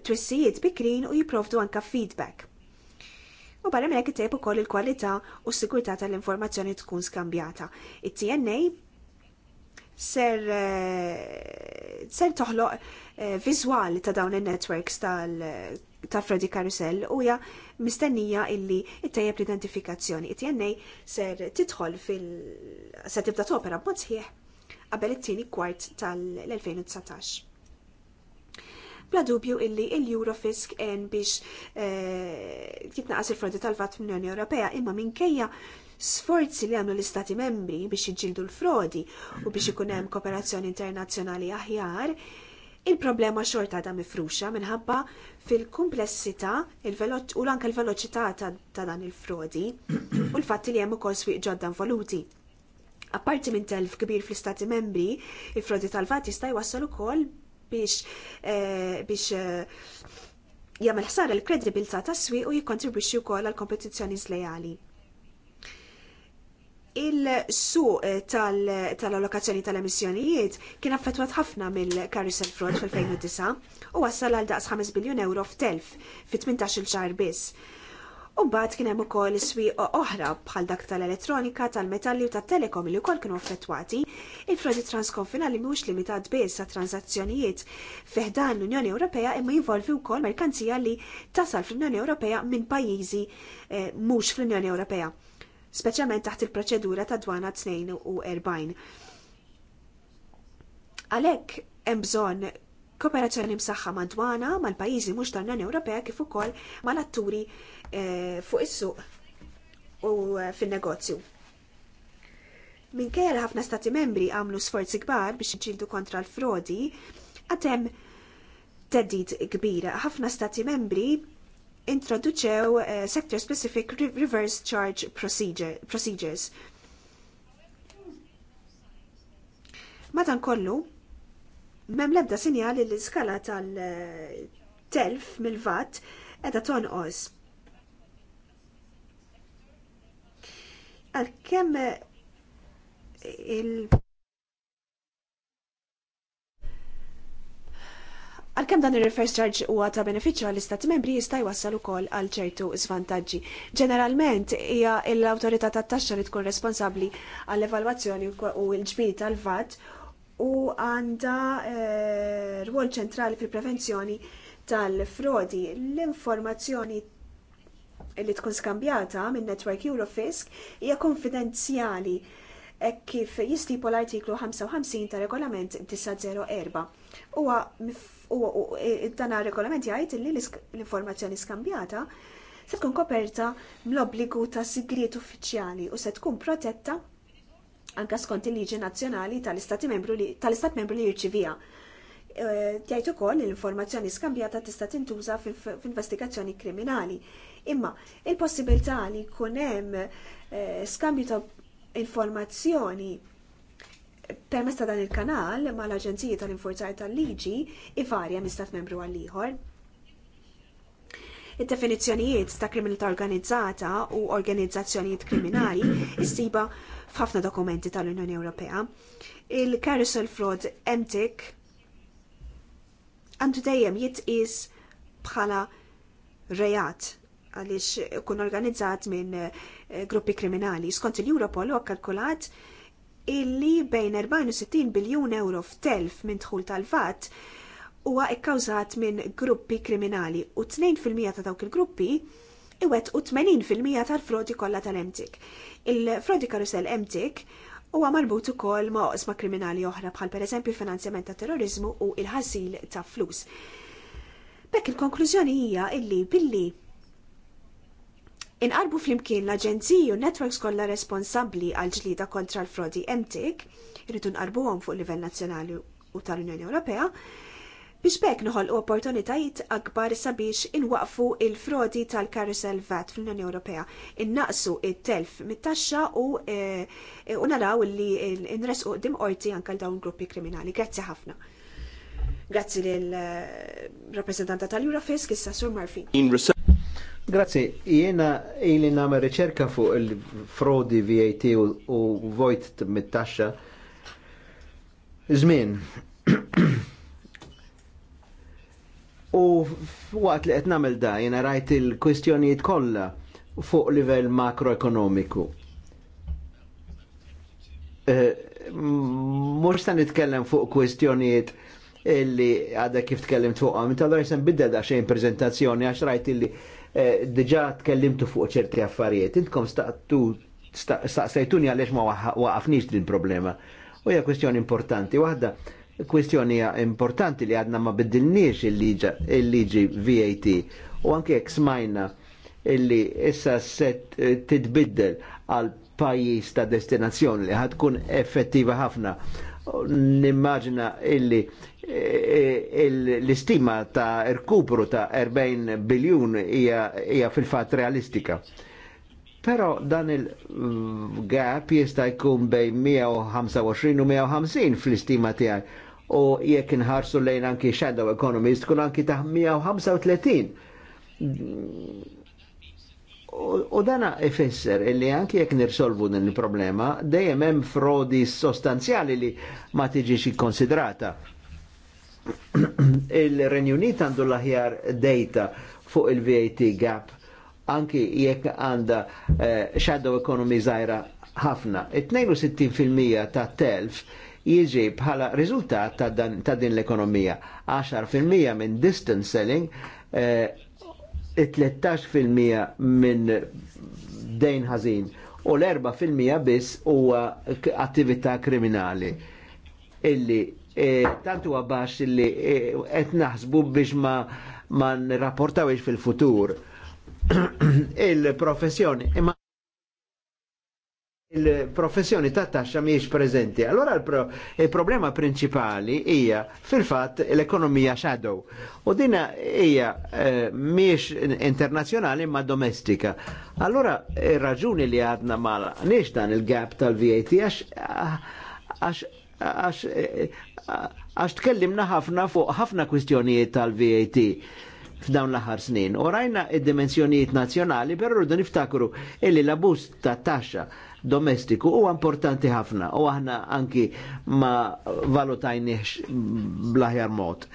twissijiet bikrin u jipprovdu anka feedback. U barra minn hekk u ukoll il-kwalità u s-sigurtà tal-informazzjoni tkun skambjata. It-TNA ser eh, ser toħloq eh, viżwali ta' dawn in-networks tal eh, ta' Freddy Carousel u ja mistennija illi ittejjeb l-identifikazzjoni. it-TNA ser tidħol fil se tibda topera b'mod sħiħ qabel it-tieni kwart tal-2019. Bla dubju illi il-Eurofisk en biex jitnaqas il-frodi tal-vat mill-Unjoni Ewropea imma minkejja sforzi li għamlu l-Istati membri biex iġildu l-frodi u biex ikun hemm kooperazzjoni internazzjonali aħjar, il-problema xorta da mifruxa minħabba fil-komplessità u l-anka l-veloċità ta' dan il-frodi u l fatti li hemm ukoll swiq ġodda voluti. Apparti minn telf kbir fl-Istati membri, il-frodi tal-vat jista' jwassal ukoll biex eh, biex eh, jagħmel ħsara l-kredibilità tas-swieq u jikkontribwixxi wkoll għall kompetizzjoni żlejali il-suq eh, tal-allokazzjoni tal-emissjonijiet kien affettwat ħafna mill-Carousel Fraud fil-2009 u wassal għal daqs 5 biljun euro f'telf fi 18 xahar biss. U mbagħad kien hemm ukoll is-swieq oħra bħal dak tal-elettronika, tal-metalli u tat-telekom li wkoll kienu affettwati. Il-frodi transkonfinali mhux limitat biss sa' transazzjonijiet fiħdan l-Unjoni Ewropea imma jinvolvi wkoll merkanzija li tasal fl-Unjoni Ewropea minn pajjiżi eh, mhux fl-Unjoni Ewropea speċjalment taħt il-proċedura ta' dwana 42. Għalhekk hemm bżonn kooperazzjoni msaħħa ma' dwana mal-pajjiżi mhux tal-Unjoni Ewropea kif ukoll mal-atturi eh, fuq is-suq u eh, fin-negozju. Minkejja li ħafna stati membri għamlu sforzi kbar biex jġildu kontra l-frodi, għatem teddid kbira. ħafna stati membri introduċew uh, sector specific reverse charge procedure, procedures. Madan kollu, mem lebda sinjal li l-skala tal-telf eh, mill-vat edha tonqos. Għal-kem eh, il- Għalkemm dan ir-reverse charge huwa ta' benefiċċju għall istati membri jista' jwassal ukoll għal ċertu svantaġġi. Ġeneralment hija l-awtorità tat-taxxa li tkun responsabbli għall evalwazzjoni u l-ġbir tal-VAT u għandha eh, rwol ċentrali fil-prevenzjoni tal-frodi. L-informazzjoni li tkun skambjata minn Network Eurofisk hija konfidenzjali e kif jistipu l-artiklu 55 ta' regolament 904. Huwa u e, dan regolament jgħid li l-informazzjoni skambjata se tkun koperta mill-obbligu ta' sigriet uffiċjali u se tkun protetta anke skont il-liġi nazzjonali tal-istat membru li jirċivija. Tgħid e, ukoll l-informazzjoni skambjata tista' tintuża f'investigazzjoni kriminali. Imma il-possibilità li jkun hemm e, skambju ta' informazzjoni permess ta' dan il-kanal ma' l-Aġenziji tal-Infurzar tal-Liġi ivarja minn stat membru għal ieħor. Id-definizzjonijiet ta' kriminalità organizzata u organizzazzjonijiet kriminali issiba f'ħafna dokumenti tal-Unjoni Ewropea. Il-Carousel Fraud Emtik għandu dejjem jitqis bħala rejat għaliex kun organizzat minn eh, gruppi kriminali. Skont il-Europol u kalkulat illi bejn 40 biljun euro f'telf minn dħul tal-vat huwa ikkawżat minn gruppi kriminali u 2% ta' dawk il-gruppi iwet u 80% tal-frodi kollha tal-emtik. Il-frodi karusel emtik huwa marbut ukoll ma' oqsma kriminali oħra bħal pereżempju il-finanzjament ta' terrorizmu u il-ħasil ta' flus. Bekk il-konklużjoni hija illi billi Inqarbu flimkien l-aġenziji u networks kollha responsabbli għal ġlida kontra l-frodi emtik, irridu nqarbuhom fuq livell nazzjonali u tal-Unjoni Ewropea, biex bekk noħolqu opportunitajiet akbar sabiex inwaqfu il-frodi tal-karusel VAT fl-Unjoni Ewropea, innaqsu it-telf mit-taxxa u, eh, u naraw li nresqu qdim qorti anke dawn gruppi kriminali. Grazzi ħafna. Grazzi lill eh, rappresentanta tal-Eurofisk, issa Sur Murphy. Grazzi, jiena ili namer riċerka fuq il-frodi VAT u, u vojt mit-taxxa. Zmin. u waqt li qed nagħmel da jiena rajt il-kwistjonijiet kollha fuq livell makroekonomiku. Mux eh, Mhux ta' nitkellem fuq kwistjonijiet illi għadha kif tkellimt fuqhom, inta allura jisem bidda da xejn prezentazzjoni għax rajt illi Eh, diġa tkellimtu fuq ċerti affarijiet, intkom staqsejtuni għaliex ma waqafniex din problema. U hija kwestjoni importanti. Waħda kwestjoni importanti li għadna ma biddilniex il-liġi VAT u anke jekk smajna illi issa set eh, titbiddel għal pajjiż ta' destinazzjoni li ħatkun effettiva ħafna nimmaġina illi e, e, l-istima ta' irkupru ta' 40 biljun hija fil-fat realistika. Pero dan il-gap jista' jkun bejn 125 u 150 fl-istima tiegħi u jekk inħarsu lejn anki shadow economist kun anki ta' 135 U dana ifisser illi anki jekk nirsolvu din il-problema, dejjem hemm frodi sostanzjali li ma tiġix konsidrata. Il-Renju Unit għandu l-aħjar data fuq il-VAT gap anki jekk għanda eh, shadow economy zaħira ħafna. 62% ta' telf jiġi bħala rizultat ta', dan, ta din l-ekonomija. 10% minn distance selling eh, it-13% minn dejn ħażin u l-4% biss huwa attività kriminali illi E, huwa baxx illi e, qed naħsbu biex ma ma nrapportawiex fil-futur il-professjoni imma il-professjoni ta' taxxa miex prezenti. Allora il-problema il principali hija fil-fatt l-ekonomija shadow. U dina hija eh, miex internazzjonali ma domestika. Allora ir-raġuni eh, li għadna mal. nix dan il-gap tal-VAT għax eh, għax tkellimna ħafna fuq ħafna kwistjonijiet tal-VAT f'dawn l-aħħar snin. U rajna id-dimensjonijiet nazzjonali, però rridu niftakru illi l-abus ta' taxxa domestiku u importanti ħafna u aħna anki ma valutajniex blaħjar mod.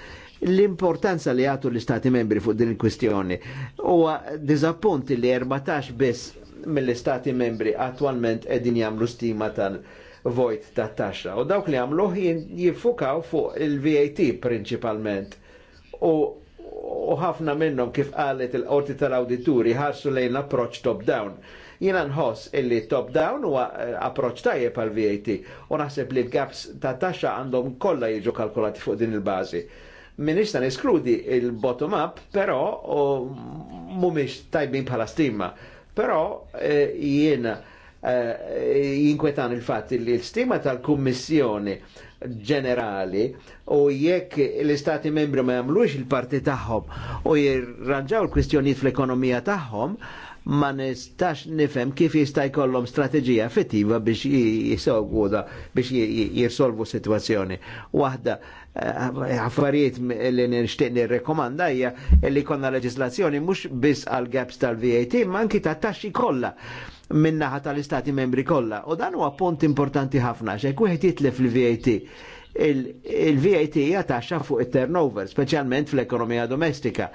L-importanza li għatu l-Istati membri fuq din il-kwistjoni huwa diżappunti li 14 biss mill-Istati membri attualment edin jamlu stima tal- vojt ta' taxxa. U dawk li għamluħ jiffukaw fuq il-VAT principalment. U ħafna minnhom kif qalet il-qorti tal-awdituri ħarsu lejn l-approċ top-down Jiena nħoss illi top-down huwa eh, approċċ tajjeb għal VAT u naħseb li l-gaps ta' taxxa għandhom kollha jiġu kalkulati fuq din il-bażi. Minix ta' neskludi il-bottom-up, però mhumiex tajbin bħala stima. Però eh, jiena eh, jinkwetan il fat li l-stima tal-Kummissjoni ġenerali u jekk l-istati membri ma jagħmlux il-parti tagħhom u jirranġaw l-kwistjonijiet fl-ekonomija tagħhom, ma nistax nifhem kif jista' jkollhom strateġija effettiva biex jisogwu biex jirsolvu situazzjoni. Waħda eh, affarijiet li nixtieq nirrekomanda hija li konna leġislazzjoni mhux biss għal gaps tal-VAT ma anki ta' taxxi kollha minnaħa tal-istati membri kollha. U dan huwa punt importanti ħafna xejn wieħed jitlef il-VAT il-VAT hija taxxa fuq it-turnover, speċjalment fl-ekonomija domestika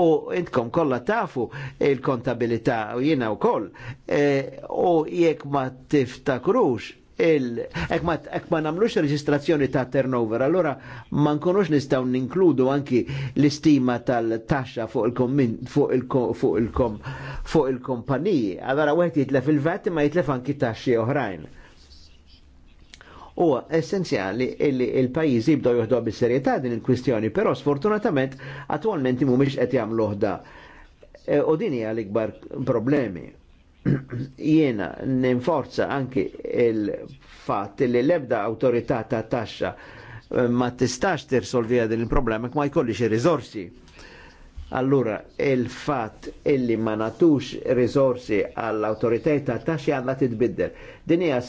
u intkom kollha tafu il-kontabilità u jiena wkoll koll e, u jekk ma tiftakrux ek ma, ek ma namlux reġistrazzjoni ta' turnover, allora ma nkunux nistaw ninkludu anki l-istima tal-taxxa fuq il-kompaniji. Fuq il fuq allora, wieħed jitlef il-vat ma jitlef anki taxxi oħrajn u essenzjali illi il-pajjiż jibdo joħdu bis-serjetà din il-kwistjoni, però sfortunatament attualment mhumiex qed jagħmlu ħda. E, u din hija l-ikbar problemi. Jiena ninforza anki il-fatt li l-ebda awtorità ta' taxxa e, ma tistax tirsolvija din il-problema ma jkollix ir-riżorsi. Allura, il-fat illi ma natux risorsi għall-autoritajiet ta' taxxi għandha titbiddel. Din hija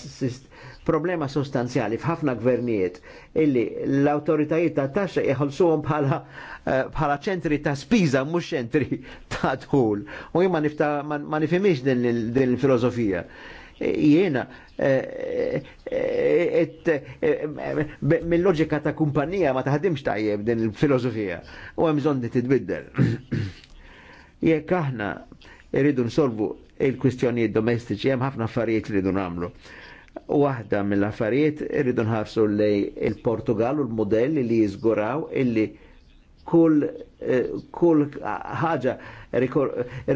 problema sostanzjali f'ħafna gvernijiet illi l-autoritajiet ta' taxxa jħolsuhom bħala eh, bħala ċentri ta' spiża mhux ċentri ta' dħul. U jien ma nifhimix din il-filosofija. E, jiena eh, eh, mill-loġika ta' kumpanija ma taħdimx tajjeb din il-filosofija u hemm bżonn titbiddel. Jekk aħna irridu nsolvu il-kwistjonijiet domestiċi hemm ħafna affarijiet li rridu nagħmlu Waħda mill-affarijiet irridu nħarsu lej il-Portugal u l-modelli li jizguraw illi kull eh, kull ħaġa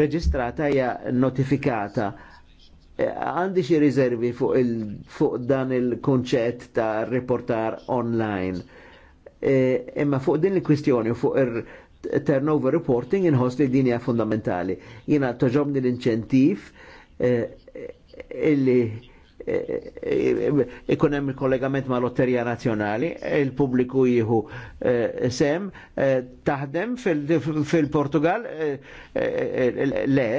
reġistrata hija notifikata. Eh, għandi xi riservi fuq, il, fuq dan il-konċett ta' riportar online. Eh, imma fuq din il-kwistjoni u fuq ir turnover reporting inħoss li din fundamentali. Jiena toġobni l-inċentiv eh, illi ikun hemm kollegament ma' lotterija nazzjonali, il-pubbliku jieħu eh, sem, eh, taħdem fil-Portugal eh, le,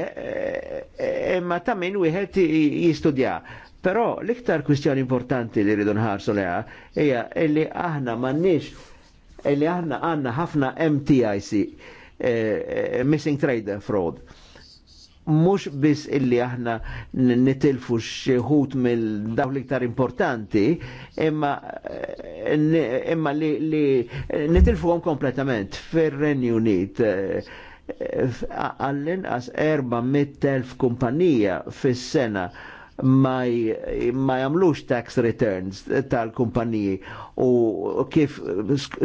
imma ta' min wieħed jistudja. Però l-iktar kwistjoni importanti li rridu nħarsu leha hija li aħna m'għandniex li aħna għandna ħafna MTIC, Missing Trader Fraud mhux biss illi aħna nitilfu xieħut mill dawl iktar importanti, imma eh, imma li, li nitilfuhom kompletament fir ren Unit eh, eh, għall-inqas 400.000 kumpanija fis-sena ma, ma jamlux tax returns tal-kumpaniji u kif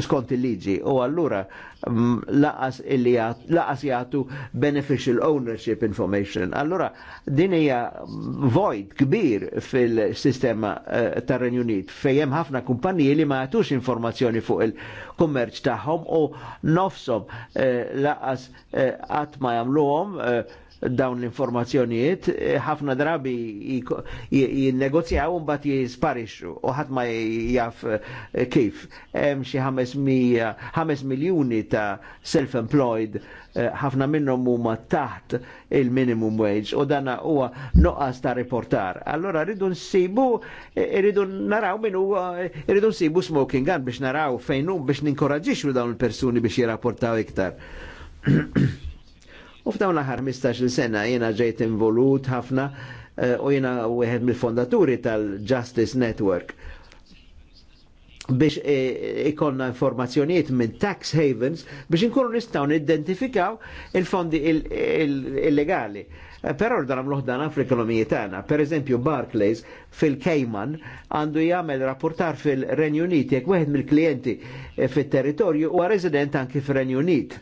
skont il-liġi u allura mm, laqas laqas jagħtu beneficial ownership information. Allura din hija void kbir fil-sistema uh, tar-Renju Unit fejjem ħafna kumpaniji li ma jgħatux informazzjoni fuq il-kummerċ tagħhom u nofsom uh, eh, laqas għat eh, uh, ma jagħmluhom uh, dawn l-informazzjonijiet, eh, ħafna drabi jinnegozjaw un bat jisparixu u ħat ma jaf eh, kif. Hemm xi 5 miljuni ta' self-employed eh, ħafna minnhom huma taħt il-minimum wage u dan huwa noqas ta' reportar. Allora rridu nsibu, rridu naraw minn huwa, rridu nsibu smoking gun biex naraw fejn biex ninkoraġġixxu dawn il-persuni biex jirrapportaw iktar. U f'dawn l-aħħar 15 sena jiena ġejt involut ħafna eh, u jiena wieħed mill-fondaturi tal-Justice Network biex eh, ikonna informazzjonijiet minn tax havens biex inkunu nistgħu nidentifikaw il-fondi illegali. Eh, però dan għamluħ dan fl-ekonomija tagħna. Per eżempju, Barclays fil-Cayman għandu jagħmel rapportar fil-Renju Unit jekk wieħed mill-klijenti fit-territorju huwa resident anki fir-Renju Unit.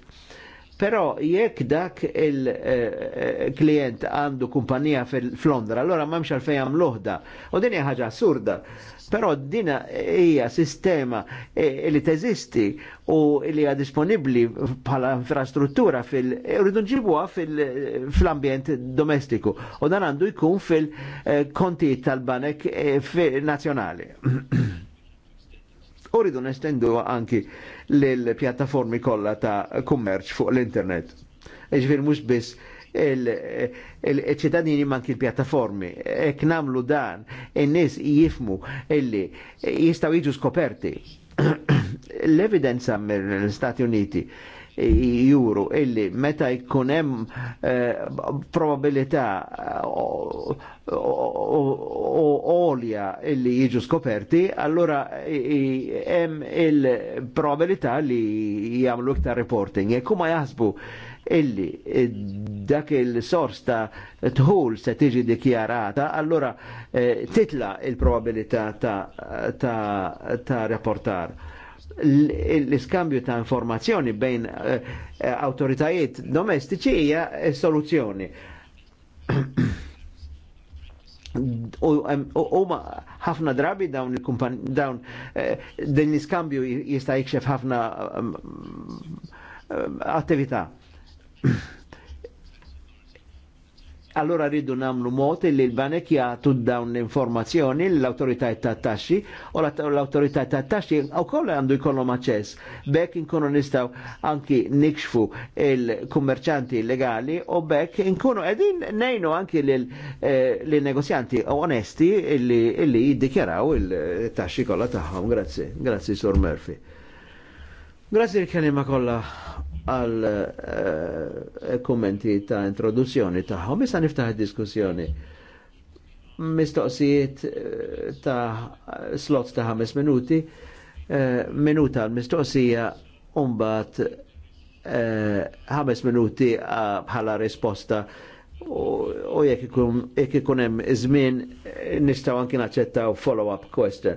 Però jekk dak il-klient eh, eh, għandu kumpanija fil-Londra, allora m'hemmx għalfejn hemm loħda. U din hija ħaġa assurda. Però din hija sistema eh, li teżisti u li hija disponibbli bħala infrastruttura fil irridu nġibuha fil ambjent domestiku. U dan għandu jkun fil-konti tal-banek nazjonali. U ridu nestendu anki l-pjattaformi kollha ta' kummerċ fuq l-internet. Iġvir mhux biss il-ċittadini manki l-pjattaformi. Ek namlu dan, in nis jifmu illi jistaw jiġu skoperti. L-evidenza mill-Stati Uniti juru illi meta jkun hemm eh, probabilità eh, olja illi jiġu skoperti, allora hemm il-probabilità li jagħmlu iktar reporting. Jekk huma jaħsbu illi eh, dak il-sors ta' tħul se tiġi dikjarata, allora eh, titla il-probabilità ta', ta, ta, ta reportar l-iskambju ta' informazzjoni bejn eh, eh, autoritajiet domestiċi hija eh, soluzzjoni. U ħafna drabi dawn dawn din l-iskambju jista' jikxef ħafna attività allora rridu namlu mot li l-banek jgħatu dawn l-informazzjoni l-autoritajt ta' taxxi u l-autoritajt ta' taxxi u koll għandu jkollhom aċċess. Bekk inkunu nistgħu anki nikxfu il-kummerċanti illegali u bekk inkunu qegħdin ngħinu anki l-negozjanti eh, onesti li jiddikjaraw il-taxxi kollha tagħhom. Grazzi, grazzi Sur Murphy. Grazzi l-kelima kollha għal eh, eh, kommenti ta' introduzzjoni tagħhom. Issa niftaħ diskussjoni mistoqsijiet eh, ta' slot ta' ħames minuti, minuta l-mistoqsija umbat ħames minuti bħala risposta u jekk ikun hemm żmien nistgħu anki naċċettaw follow-up question.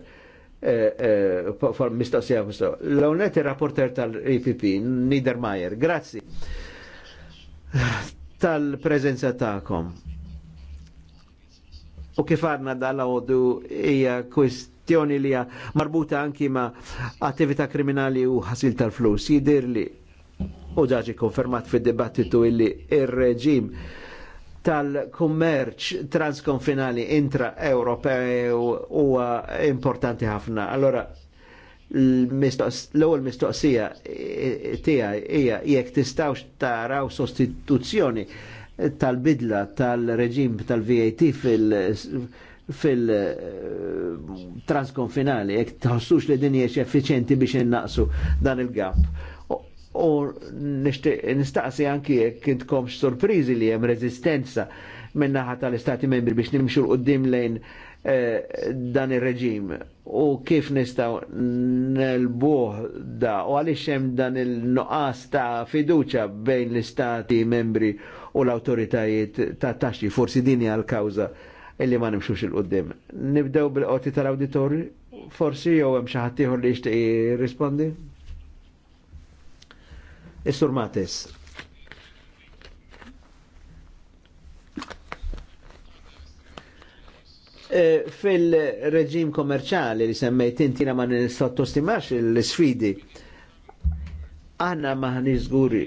Eh, eh, form mistoqsija mistoq. Lawnet il-rapporter tal-EPP, Niedermayer, grazzi tal-prezenza ta'kom. U kif għadna dalla għodu hija kwestjoni li marbuta anki ma' attività kriminali u ħasil tal-flus. Jidir li u ġaġi konfermat fid-dibattitu illi ir-reġim il tal-kummerċ transkonfinali intra-Ewropew huwa importanti ħafna. Allora, l-ewwel mistoqsija eh, tiegħi hija jekk tistgħux taraw sostituzzjoni tal-bidla tal-reġim tal-VAT fil-transkonfinali, eh, jek jekk tħossux li din hija effiċenti biex innaqsu dan il-gap u nistaqsi anki jekk intkomx sorprizi li hemm rezistenza minnaħa tal-Istati membri biex nimxu l-qoddim lejn eh, dan ir-reġim u kif nistaw nelbuħ da u għaliex hemm dan il-nuqqas ta' fiduċa bejn l-istati membri u l-awtoritajiet ta' taxxi forsi din hija l-kawża illi ma nimxux il qoddim Nibdew bil-qoti tal-awditorju forsi jew hemm xi ħadd li jixtieq jirrispondi? Is-Sur Matis. E, fil-reġim kommerċali li semmejt inti ma nistottostimax l-sfidi. Għanna maħni zguri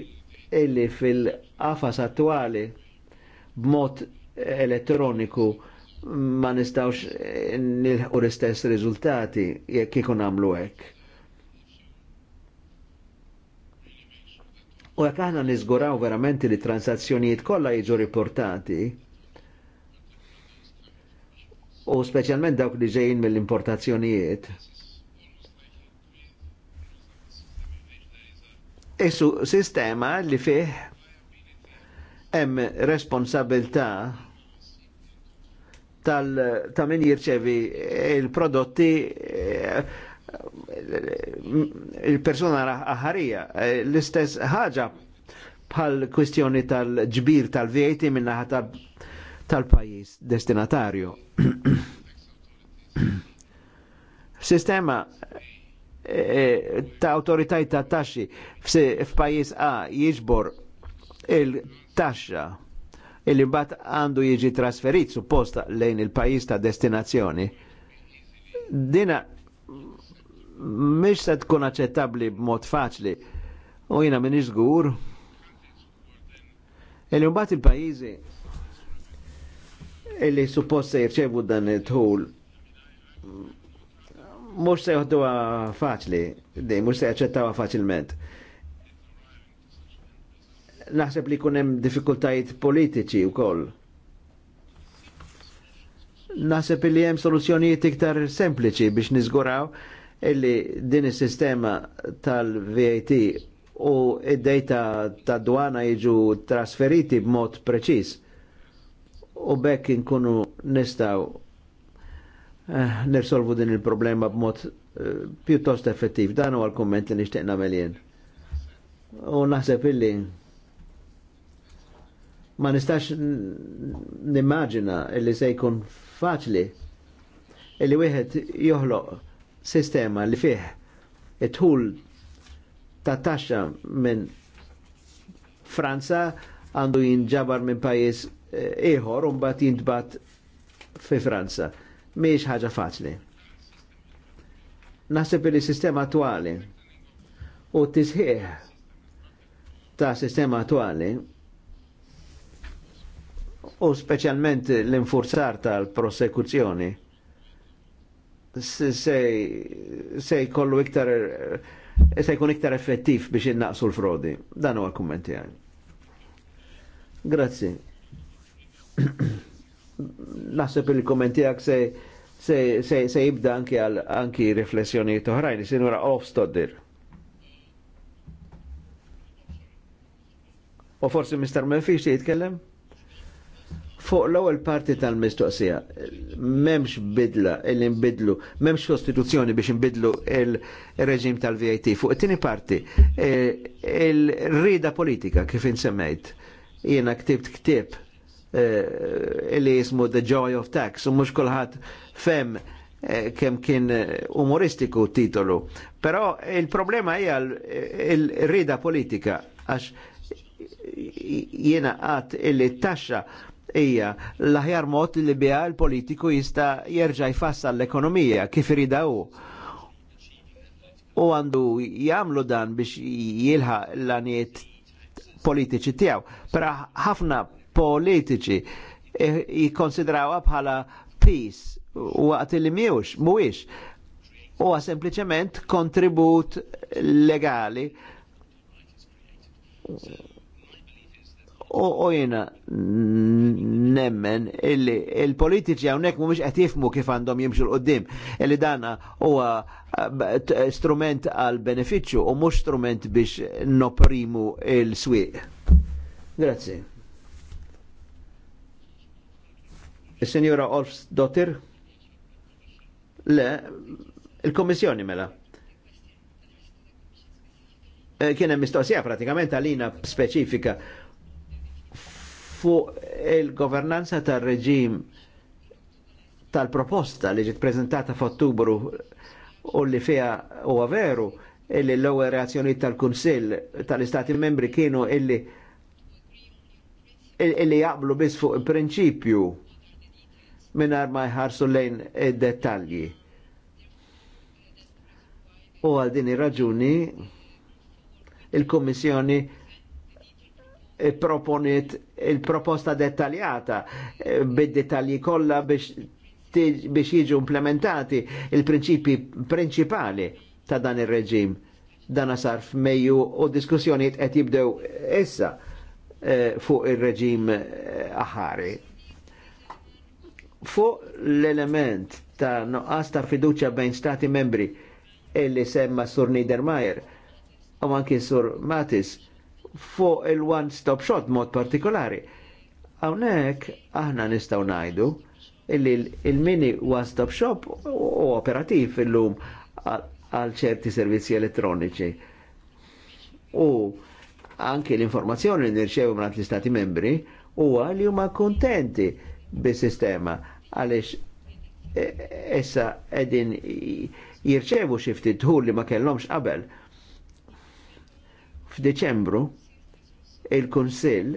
illi fil-qafas attuali b'mod elettroniku ma nistawx nilħu l-istess riżultati jekk ikun għamlu hekk. U jekk aħna niżguraw verament li transazzjonijiet kollha jiġu riportati, u speċjalment dawk li ġejjin mill-importazzjonijiet. Issu sistema li fih hemm responsabilità tal ta' min jirċevi il-prodotti eh, il persona aħarija. Eh, l-istess ħaġa bħal kwistjoni tal-ġbir tal-VAT minnaħa tal-pajis destinatarju. Sistema eh, ta' autoritajt ta' taxxi f'pajis A jiġbor il-taxxa il mbagħad għandu jiġi trasferit supposta lejn il-pajis ta' destinazzjoni. Dina mhix se tkun aċċettabbli b'mod faċli. U jiena minn żgur. Illi mbagħad il-pajjiżi illi suppost se jirċevu dan it-tħul mhux se jħodduha faċli, dej mhux se jaċċettawha faċilment. Naħseb li jkun hemm diffikultajiet politiċi wkoll naħseb li hemm soluzzjonijiet iktar sempliċi biex niżguraw illi din is-sistema tal-VAT u id-data tad dwana jiġu trasferiti b'mod preċis U bekk inkunu nistaw eh, nirsolvu din il-problema b'mod eh, pjuttost effettiv. Dan huwa l-komment li nixtieq nagħmel jien. U naħseb illi ma nistax nimmaġina illi se jkun faċli illi wieħed joħloq sistema li fih it-ħul ta' taxxa minn Franza għandu jinġabar minn pajis eh, ieħor un bat jintbat fi Franza. Miex ħaġa faċli. Nasib li sistema attuali u tisħiħ ta' sistema attuali u specialment l-infurzar tal-prosekuzzjoni se jkollu iktar se jkun iktar effettiv biex innaqsu l-frodi. Dan huwa l kumment tiegħi. Grazzi. Naħseb il-kommenti għak se se, se, se jibda anki għal anki riflessjonijiet oħrajn, isin wara off stoddir. U forsi Mr. Murphy xie jitkellem? Fuq l-ewwel parti tal-mistoqsija, memx bidla il nbidlu, memx kostituzzjoni biex nbidlu il-reġim tal vit Fuq it-tieni parti, e, il-rida politika kif insemmejt, jiena ktibt ktib e, li jismu The Joy of Tax u mhux kulħadd fem e, kem kien umoristiku titolu. Però il-problema hija il-rida politika għax jiena għat illi taxxa ija l-aħjar mod li biha l-politiku jista' jerġa' jfassal l-ekonomija kif irida hu. U għandu jagħmlu dan biex jilħaq l-għaniet politiċi tiegħu. Però ħafna politiċi eh, jikkonsidrawha bħala peace waqt li miewx, mhuwiex. Huwa sempliċement kontribut legali u jina nemmen illi il-politiċi għonek mu mux għatifmu kif għandhom jimxu l-qoddim illi dana huwa eh, strument għal beneficju u mux strument biex noprimu il-swiq. Grazie. Il-Senjora Olfs Dottir? Le, il-Komissjoni mela eh, kienem mistoqsija pratikament għalina specifika fuq il-governanza tal-reġim tal-proposta li ġiet prezentata f'Ottubru u li fija u veru illi l-ewwel reazzjoni tal-Kunsill tal-Istati membri kienu illi illi jaqblu biss fuq il-prinċipju mingħajr ma jħarsu lejn id-dettalji. U għal din ir-raġuni il-Kommissjoni il kummissjoni il proponit il-proposta dettaljata eh, bid-detalji kollha biex jiġu implementati il-prinċipi prinċipali ta' dan ir-reġim. Dana sar f'Mejju u diskussjonijiet qed jibdew issa eh, fuq ir-reġim eh, aħari. Fuq l-element ta' noqqas ta' fiduċa bejn stati membri illi semma Sur Niedermayer u anki Sur Matis fuq il-one-stop shop mod partikolari. Hawnhekk aħna nistgħu ngħidu illi il-mini one-stop shop u operativ illum għal ċerti servizzi elettroniċi. U anke l-informazzjoni li nirċevu mal l-Istati membri huwa li huma kontenti bis-sistema għaliex issa e, qegħdin jirċevu xi ftit dħul li ma kellhomx qabel F'Deċembru il-Kunsill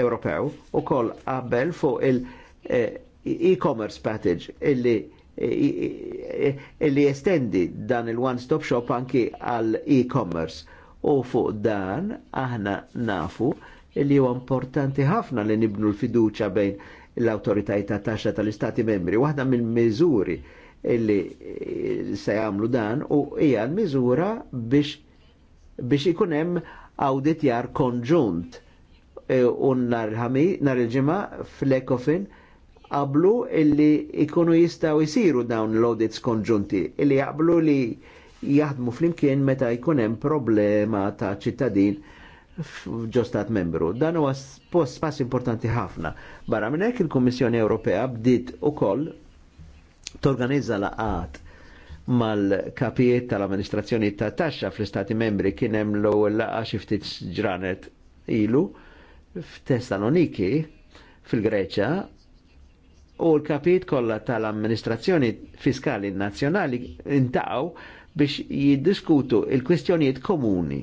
Ewropew ukoll qabel fuq il-e-commerce eh, package illi eh, illi jestendi dan il-one-stop shop anki għal e-commerce u fuq dan aħna nafu illi huwa importanti ħafna li nibnu l-fiduċa bejn l-autoritajiet ta' taxxa tal-istati membri. Waħda mill-miżuri illi eh, se jagħmlu dan u hija l-miżura biex biex ikun hemm awditjar konġunt. E, un nar il-ġimgħa fl-Ekofin qablu illi ikunu jistgħu jsiru dawn l-audits konġunti illi jaqblu li jaħdmu flimkien meta jkun hemm problema ta' ċittadin ġostat membru. Dan huwa post pass importanti ħafna. Barra minn hekk il-Kummissjoni Ewropea bdiet ukoll torganizza laqgħat mal-kapijiet tal-amministrazzjoni ta' taxxa fl-istati membri kien hemm l-ewwel laqgħa xi ftit ġranet ilu f'Tessaloniki fil-Greċja u l-kapijiet kollha tal-amministrazzjoni fiskali nazzjonali intaqgħu biex jiddiskutu il kwistjonijiet komuni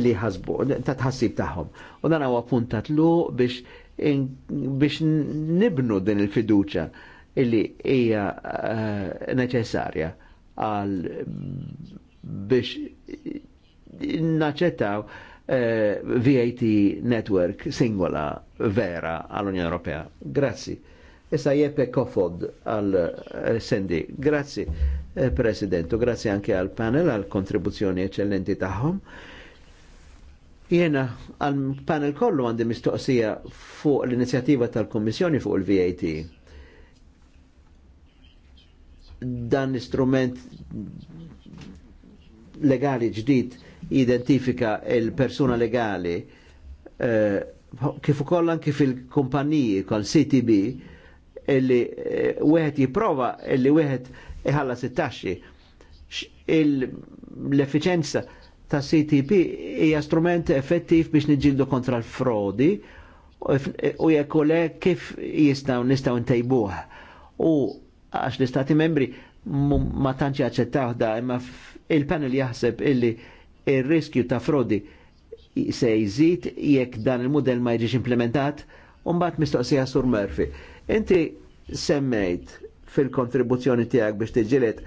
li ħasbu, ta' tħassib tagħhom. U dan huwa puntat lu biex biex nibnu din il-fiduċa illi hija uh, neċessarja għal biex naċċettaw eh, VAT network singola vera għall-Unjoni Ewropea. Grazzi. Issa Jeppe Kofod għal eh, Sendi. Grazzi, eh, Presidentu, grazzi anke għal panel għal kontribuzzjoni eccellenti tagħhom. Jena għal panel kollu għandi mistoqsija fuq l-inizjattiva tal-Kommissjoni fuq il-VAT dan l-istrument legali ġdid identifika il-persuna legali eh, kif ukoll anke fil-kumpaniji kol CTB illi eh, wieħed jipprova illi wieħed iħallas it-taxxi. L-efficienza ta' CTP hija strument effettiv biex niġildu kontra l-frodi u jekk kif jistgħu nistgħu ntejbuh. U għax l-istati membri ma tantx għacċettaħ da imma il-panel jaħseb illi il-riskju ta' frodi se jżid jekk dan il model ma jiġix implementat u mbagħad mistoqsija sur Murphy. Inti semmejt fil-kontribuzzjoni tiegħek biex tiġilet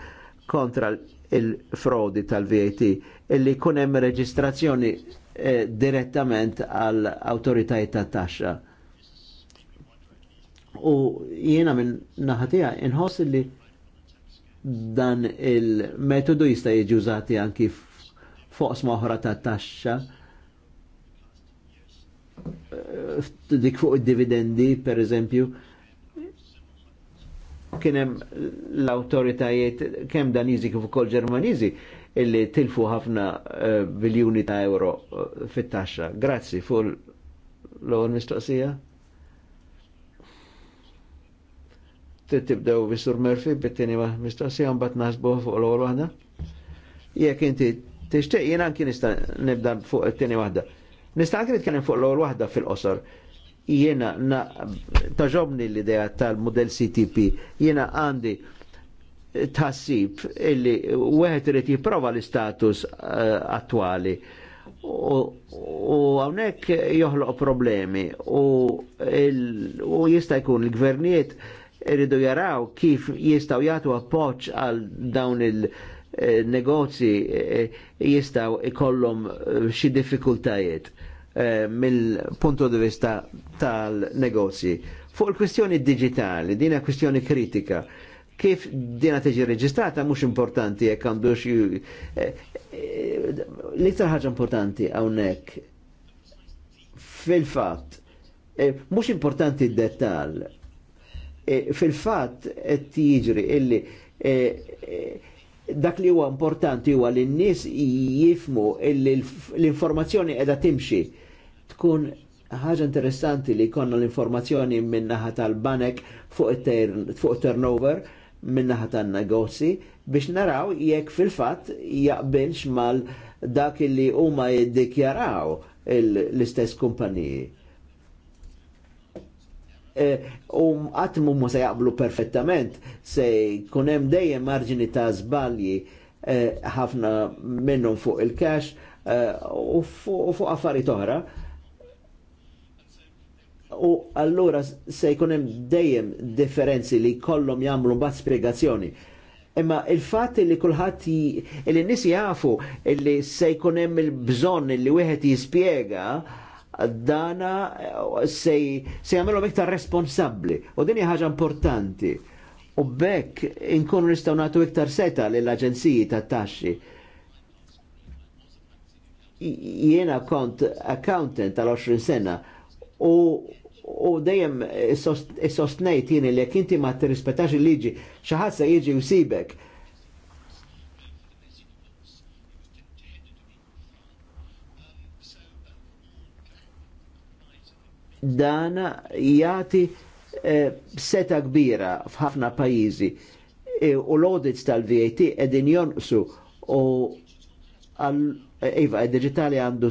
kontra il-frodi tal-VAT illi jkun hemm reġistrazzjoni eh, direttament għall awtoritajiet tat-taxxa U jiena minn naħatija inħoss li dan il-metodu jista' jiġi użati anki fuq oħra ta' taxxa dik fuq id-dividendi per eżempju kienem l-autoritajiet kem danizi kif ukoll ġermaniżi illi tilfu ħafna eh, biljuni ta' euro eh, fit-taxxa. Grazzi fuq l-ewwel mistoqsija. tibdew Visur Murphy bit-tieni mistoqsija mbagħad naħsbu fuq l-ewwel waħda. Jekk inti tixtieq jien anki nista' nibda fuq it-tieni waħda. Nista' anki nitkellem fuq l-ewwel waħda fil-qosor. Jiena taġobni l-idea tal-modell CTP, jiena għandi tħassib illi wieħed irid jipprova l-istatus eh, attwali u hawnhekk joħloq problemi u, jista' jkun il-gvernijiet irridu jaraw kif jistaw jagħtu appoġġ għal dawn il-negozji eh, jistaw ikollhom eh, xi diffikultajiet eh, mill-punto di vista tal-negozji. Fuq il-kwistjoni digitali, dina kwistjoni kritika, kif dina teġi reġistrata mhux importanti jekk għandux l-iktar ħaġa importanti hawnhekk fil-fatt mhux importanti d-dettall E, fil-fatt qed jiġri illi e, e, dak li huwa importanti huwa li n-nies jifmu illi l-informazzjoni qiegħda timxi tkun ħaġa interessanti li konna l-informazzjoni minn naħa tal-banek fuq turnover minn naħa tan-negozji biex naraw jekk fil-fatt jaqbilx mal dak li huma jiddikjaraw l-istess kumpaniji. Eh, u um, għatmu mu se jaqblu perfettament, se kunem dejjem marġini ta' zbalji eh, ħafna minnum fuq il-kax eh, u fuq affarijiet oħra. U allura se jkun hemm dejjem differenzi li kollom jagħmlu bat spjegazzjoni. Imma il fat li kulħadd li nisi jafu li se jkun hemm il-bżonn li wieħed jispjega dana eh, se għamilu iktar responsabbli u din ħaġa importanti. U bekk inkun nistgħu iktar seta lill aġenziji tat-taxxi. Jiena kont accountant tal-20 sena u u dejjem sostnejt jiena li jekk inti ma tirrispettax il-liġi xi ħadd se jiġi jsibek. dan jati eh, seta kbira f'ħafna pajizi e, u l-audits tal-VAT edin jonqsu u Iva, digitali għandu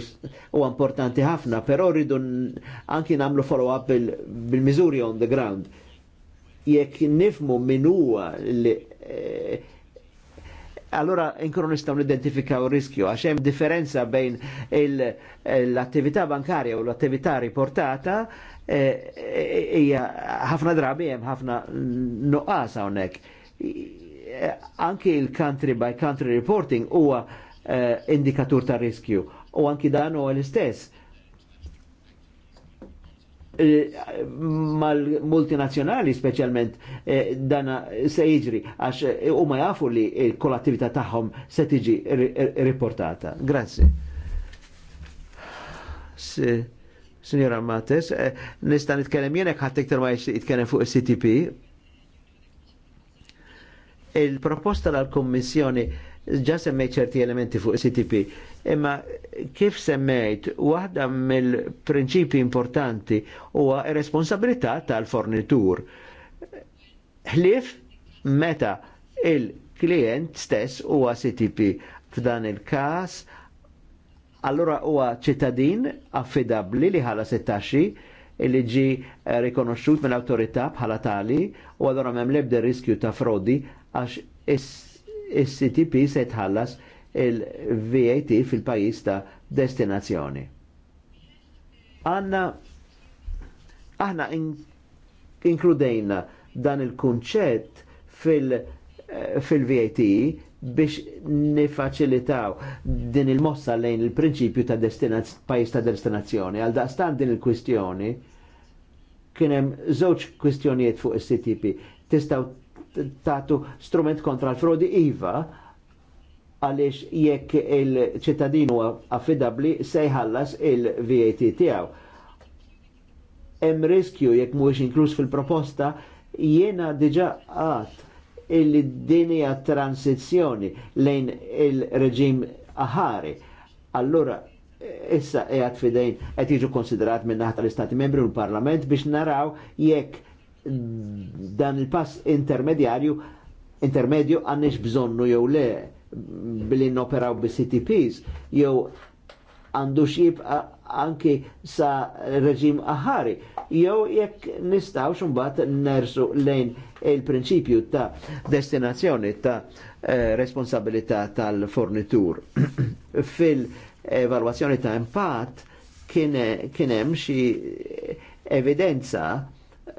u importanti ħafna, pero rridu anki namlu follow-up bil-mizuri on the ground. Jekk nifmu minnuwa li eh, allora inkunu nistgħu nidentifikaw riskju għax hemm differenza bejn l-attività bankarja u l-attività riportata eh, eh, hija ħafna drabi hemm ħafna nuqqas hawnhekk. Eh, anki il-country by country reporting huwa indikatur ta' riskju u anki dan huwa l-istess Eh, mal-multinazzjonali specialment eh, dana se iġri għax eh, u ma jafu li l-kollattività tagħhom se tiġi riportata. Grazie. Signora Mates, nista' nitkellem jenek ħadd iktar ma jitkellem fuq il Il-proposta tal-Kommissjoni il ġa semmejt ċerti elementi fuq CTP, imma kif semmejt, waħda mill-prinċipi importanti huwa responsabilità tal-fornitur. Hlif meta il-klient stess huwa CTP f'dan il kas allura huwa ċittadin affidabli li ħala settaxi illi ġi eh, rikonosciut mill-autorità bħala tali u għadhom hemm l-ebda riskju ta' frodi għax il ctp se tħallas il-VAT fil-pajis ta' destinazzjoni. Għanna, aħna in inkludejna dan il-kunċett fil-VAT fil eh, biex nifacilitaw din il-mossa lejn il-prinċipju ta' pajis ta' destinazzjoni. Għal daqstan din il-kwistjoni, kienem żewġ kwistjonijiet fuq is-CTP. Tistaw tatu strument kontra l-frodi IVA għaliex jekk il ċittadinu affidabli se jħallas il-VAT tiegħu. Hemm riskju jekk mhuwiex inkluż fil-proposta jiena diġa għat il dinja transizjoni lejn il-reġim aħari. Allura, issa għat fidejn għed jiġu konsiderat minn naħta l-Istati membri u l-Parlament biex naraw jekk dan il-pass intermedjarju intermedju għannix bżonnu jew le billi noperaw bi CTPs jew għandu xibqa anki sa reġim aħari jew jekk nistaw xumbat nersu lejn il-prinċipju ta' destinazzjoni ta' eh, responsabilità tal-fornitur. fil evaluazzjoni ta' impatt kienem hemm xi evidenza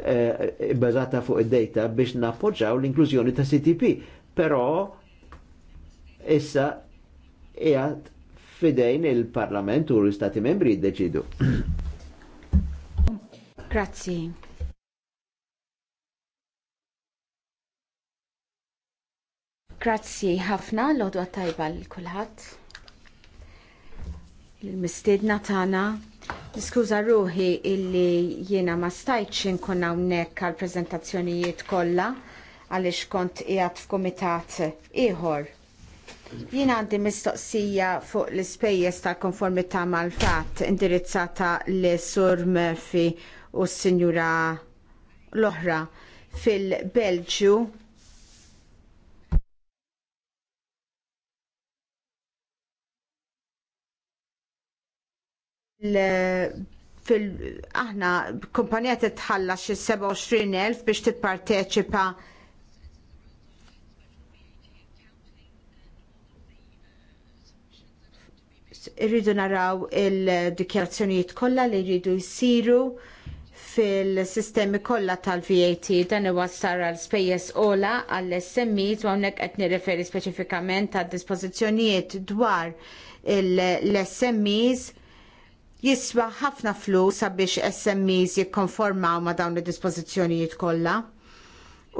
Eh, bazata fuq id-data biex nappoġġaw l-inklużjoni ta' CTP. Però issa qiegħed fidejn il-Parlament u l-Istati membri jiddeċidu. Grazzi. Grazzi ħafna l-odwa tajba l-kulħadd. Il-mistedna tagħna Niskuża ruħi illi jiena ma stajtx inkun hawnhekk għall preżentazzjonijiet kollha għaliex kont qiegħed f'kumitat ieħor. Jiena għandi mistoqsija fuq l-ispejjeż tal-konformità mal-fatt indirizzata li Sur Murphy u s-Sinjura l-oħra fil-Belġju fil aħna kumpanija titħalla xi 27,000 biex tipparteċipa irridu naraw il-dikjarazzjonijiet kollha li jridu jsiru fil-sistemi kollha tal-VAT dan sar għal spejjeż ola għall smis u hawnhekk qed nirreferi speċifikament għad dispożizzjonijiet dwar l-SMEs jiswa ħafna flus sabiex SMEs jikkonformaw ma dawn id-dispożizzjonijiet kollha.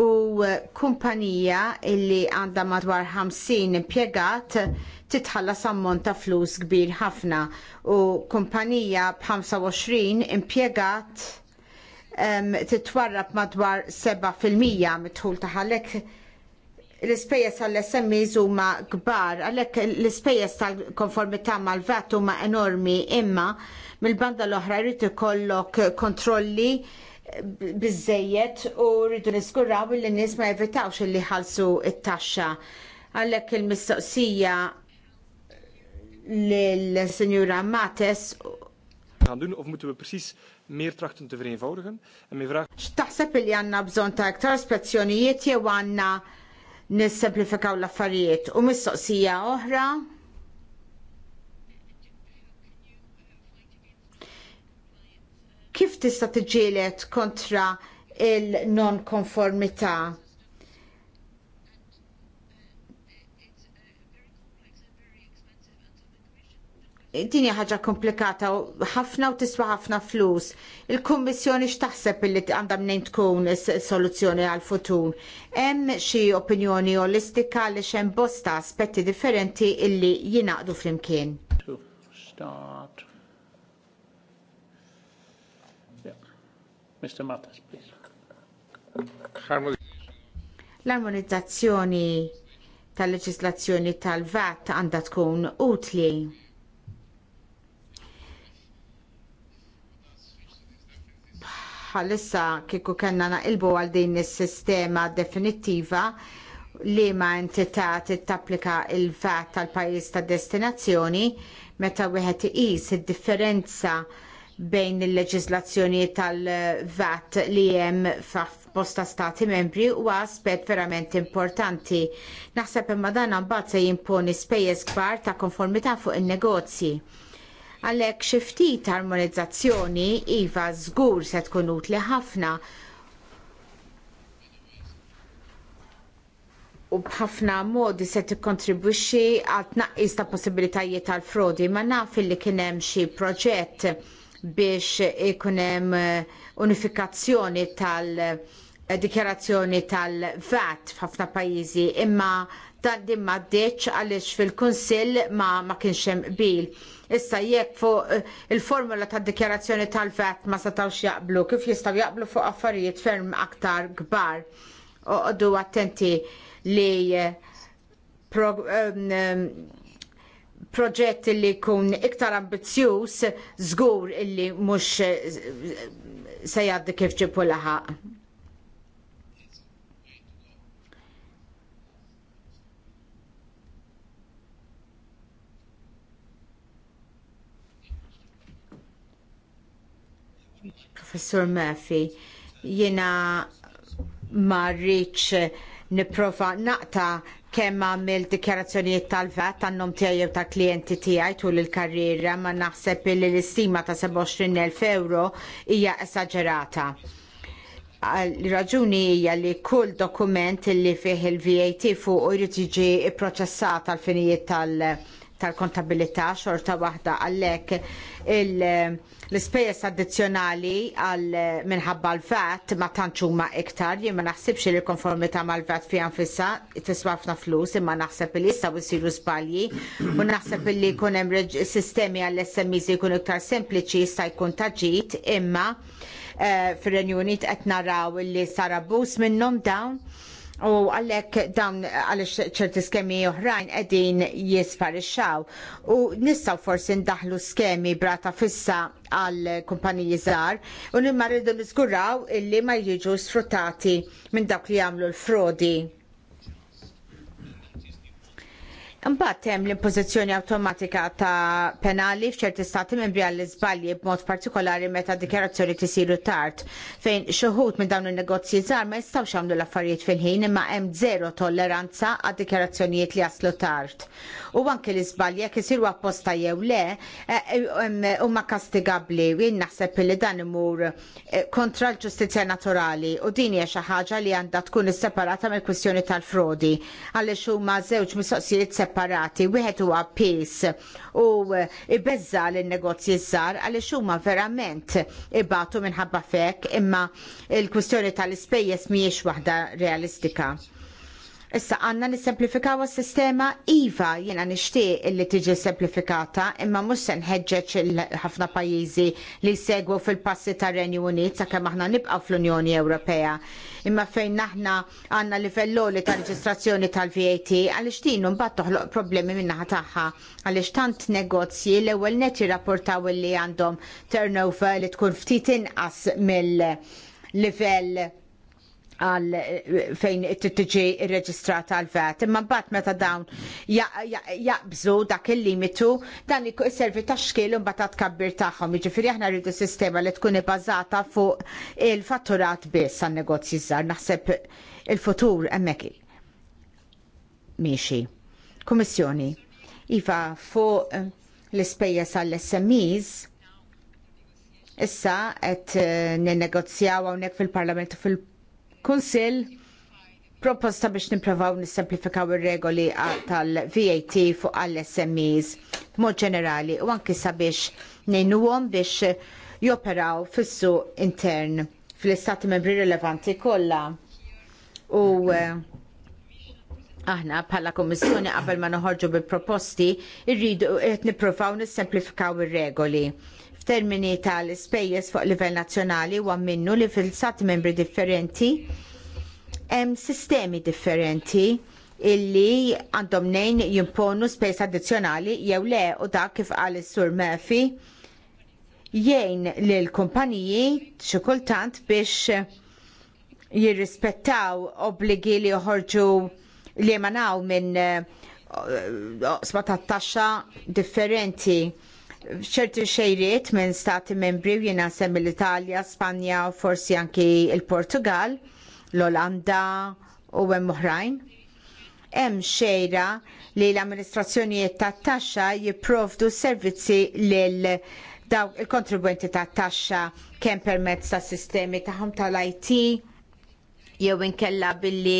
U eh, kumpanija illi għandha madwar 50 impjegat titħallas ammont ta' flus kbir ħafna u kumpanija b'25 impjegat um, titwarrab madwar 7% mitħul taħalek l-ispejjeż għall-SMEs huma kbar, għalhekk l-ispejjeż tal-konformità mal-vat huma enormi imma mill-banda l-oħra jrid ikollok kontrolli biżejjed u rridu niskuraw li n-nies ma jevitawx li ħalsu it taxxa Għalhekk il-mistoqsija lill-Sinjura Mates gaan doen of moeten we precies meer trachten te vereenvoudigen? En mijn vraag... X'taħseb li għandna bżonn ta' iktar spezzjonijiet jew għandna nissemplifikaw l-affarijiet. U mistoqsija oħra. Kif tista' tiġielet kontra il-non-konformità? Din hija ħaġa komplikata ħafna u tiswa ħafna flus. Il-Kummissjoni x'taħseb illi għandha nejn tkun soluzzjoni għal futur. Hemm xi opinjoni olistika li xem bosta aspetti differenti illi jingħaqdu flimkien. Start. Mr. Mattas, please. L-armonizzazzjoni tal-leġislazzjoni tal-VAT għandha tkun utli bħalissa kieku kellna naqilbu għal din is-sistema definittiva li ma entità tittapplika l vat tal-pajjiż tad destinazzjoni meta wieħed iqis id-differenza bejn il-leġiżlazzjoni tal-VAT li hemm f'bosta stati membri huwa aspett verament importanti. Naħseb imma dan mbagħad se jimponi spejjeż kbar ta' konformità fuq in-negozji. Għalhekk xi ftit armonizzazzjoni iva żgur se tkun utli ħafna u bħafna modi se tikkontribwixxi għal tnaqqis ta' possibilitajiet tal frodi ma naf li kien hemm xi proġett biex ikun hemm eh, unifikazzjoni tal- eh, dikjarazzjoni tal-VAT f'ħafna pajjiżi imma dan din ma ddeċ għaliex fil-Kunsill ma ma kienx hemm qbil. Issa jekk fuq eh, il-formula tad dikjarazzjoni tal-vet ma setawx jaqblu, kif jistgħu jaqblu fuq affarijiet ferm aktar kbar. Uqdu attenti li eh, pro, um, proġett li jkun iktar ambizzjuż żgur illi mhux eh, se jgħaddi kif ġipu laħaq. professor Murphy. Jiena ma rridx nipprova naqta' kemm għamil dikjarazzjonijiet tal-vet tan-nom tiegħi jew tal-klijenti tiegħi tul il-karriera ma naħseb li l-istima ta' 27,000 euro hija esaġerata. Raġuni hija li kull dokument li fih il-VAT fuq jrid jiġi pproċessat għall finijiet tal-VAT tal-kontabilità xorta waħda għalhekk l-ispejjeż addizzjonali għal minħabba l-VAT ma tantx huma iktar jien ma naħsibx li konformità mal-VAT fiha nfissa tiswa ħafna flus imma naħseb li jistgħu jsiru żbalji u naħseb li jkun hemm sistemi għall-SMEs jkunu iktar sempliċi jista' jkun taġit imma eh, fir-Renju Unit qed naraw li sar abbuż minnhom dawn U għalhekk dawn għaliex ċerti skemi oħrajn qegħdin jisparixxaw. U nistgħu forsi ndaħlu skemi brata fissa għal kumpaniji żgħar u nimma rridu niżguraw illi ma jiġu sfruttati minn dawk li jagħmlu l-frodi. Imbagħad hemm l-impożizzjoni awtomatika ta' penali f'ċerti stati membri għall iżbalji b'mod partikolari meta dikjarazzjoni tisiru tard fejn xi minn dawn in-negozji żgħar ma jistgħux jagħmlu l-affarijiet fil-ħin imma hemm żero tolleranza għad dikjarazzjonijiet li jaslu tard. U anke l-iżbalji jekk isiru apposta jew le eh, huma kastigabbli u jien naħseb li dan imur eh, kontra l-ġustizzja naturali u din hija xi ħaġa li għandha tkun isseparata mill-kwistjoni tal-frodi għaliex huma żewġ mistoqsijiet separati, wieħed huwa pis u eh, ibeżza lin-negozji żgħar għaliex huma verament ibatu minħabba fek imma l kwistjoni tal-ispejjeż mhijiex waħda realistika. Issa għanna nisemplifikaw s-sistema IVA jena nishtiq illi tiġi semplifikata imma mhux se nħeġġeġ ħafna pajizi li segwu fil-passi ta' Renju Unit sakemm aħna nibqa' fl-Unjoni Ewropea. Imma fejn naħna għanna livelloli ta' reġistrazzjoni tal-VAT għaliex din mbagħad toħloq problemi minnaħa tagħha għaliex tant negozji l-ewwel nett jirrapportaw li għandhom turnover li tkun ftit inqas mill-livell għal eh, fejn tiġi reġistrat għal vet. Imma mbagħad meta dawn jaqbżu dak il-limitu dan iservi ta' xkil u mbagħad tkabbir tagħhom. Jiġifieri aħna rridu sistema li tkun ibbażata fuq il-fatturat biss għan-negozji żgħar. Naħseb il-futur hemmhekk miexi. Kummissjoni, iva fuq l-ispejjeż għall-SMEs issa qed ninnegozjaw hawnhekk fil-Parlament fil-Parlament Kunsill proposta biex nipprovaw nissemplifikaw ir-regoli tal-VAT fuq għall-SMEs b'mod ġenerali u anki sabiex ngħinuhom biex joperaw fis intern fl-istati membri rilevanti kollha. U eh, aħna bħala Kummissjoni qabel ma noħorġu bil proposti irridu qed nippruvaw nissemplifikaw ir-regoli. F'termini tal-ispejjeż fuq livell nazzjonali u minnu li fil-sat membri differenti hemm sistemi differenti illi għandhom nejn jimponu spejs addizzjonali jew le u dak kif qal sur Murphy jgħin lill kumpaniji xi kultant biex jirrispettaw obbligi li joħorġu li emanaw minn uh, eh, sbatattaxa differenti ċertu xejriet minn stati membri u semmi l-Italja, Spanja, forsi anki il-Portugal, l-Olanda u hemm oħrajn. Hemm xejra li l-amministrazzjonijiet tat-taxxa jipprovdu servizzi lil dawk il-kontribwenti tat-taxxa kemm permezz tas sistemi tagħhom tal-IT jew inkella billi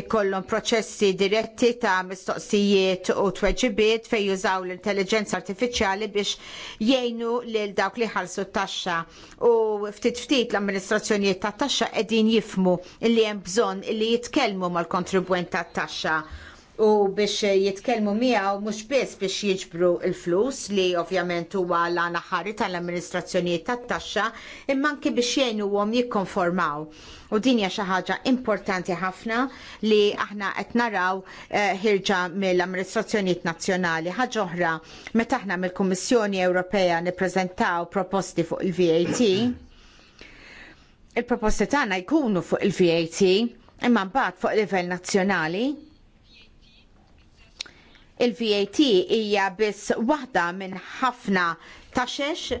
ikollhom proċessi diretti ta' mistoqsijiet u tweġibiet fejn jużaw l-intelligenza artifiċjali biex jgħinu lil dawk li ħalsu t-taxxa. U ftit ftit l-amministrazzjonijiet tat taxxa qegħdin jifmu li hemm bżonn li jitkellmu mal-kontribwent tat taxxa u biex jitkellmu miegħu mhux biss biex jiġbru l-flus li ovvjament huwa l-għana ħari tal-amministrazzjonijiet tat-taxxa imma anki biex jgħinuhom jikkonformaw. U din hija xi ħaġa importanti ħafna li aħna qed naraw eh, ħirġa mill-amministrazzjonijiet nazzjonali. Ħaġa oħra meta aħna mill-Kummissjoni Ewropea nippreżentaw proposti fuq il-VAT il-proposti tagħna jkunu fuq il-VAT imma mbagħad fuq livell nazzjonali Il-VAT hija biss waħda minn ħafna taxex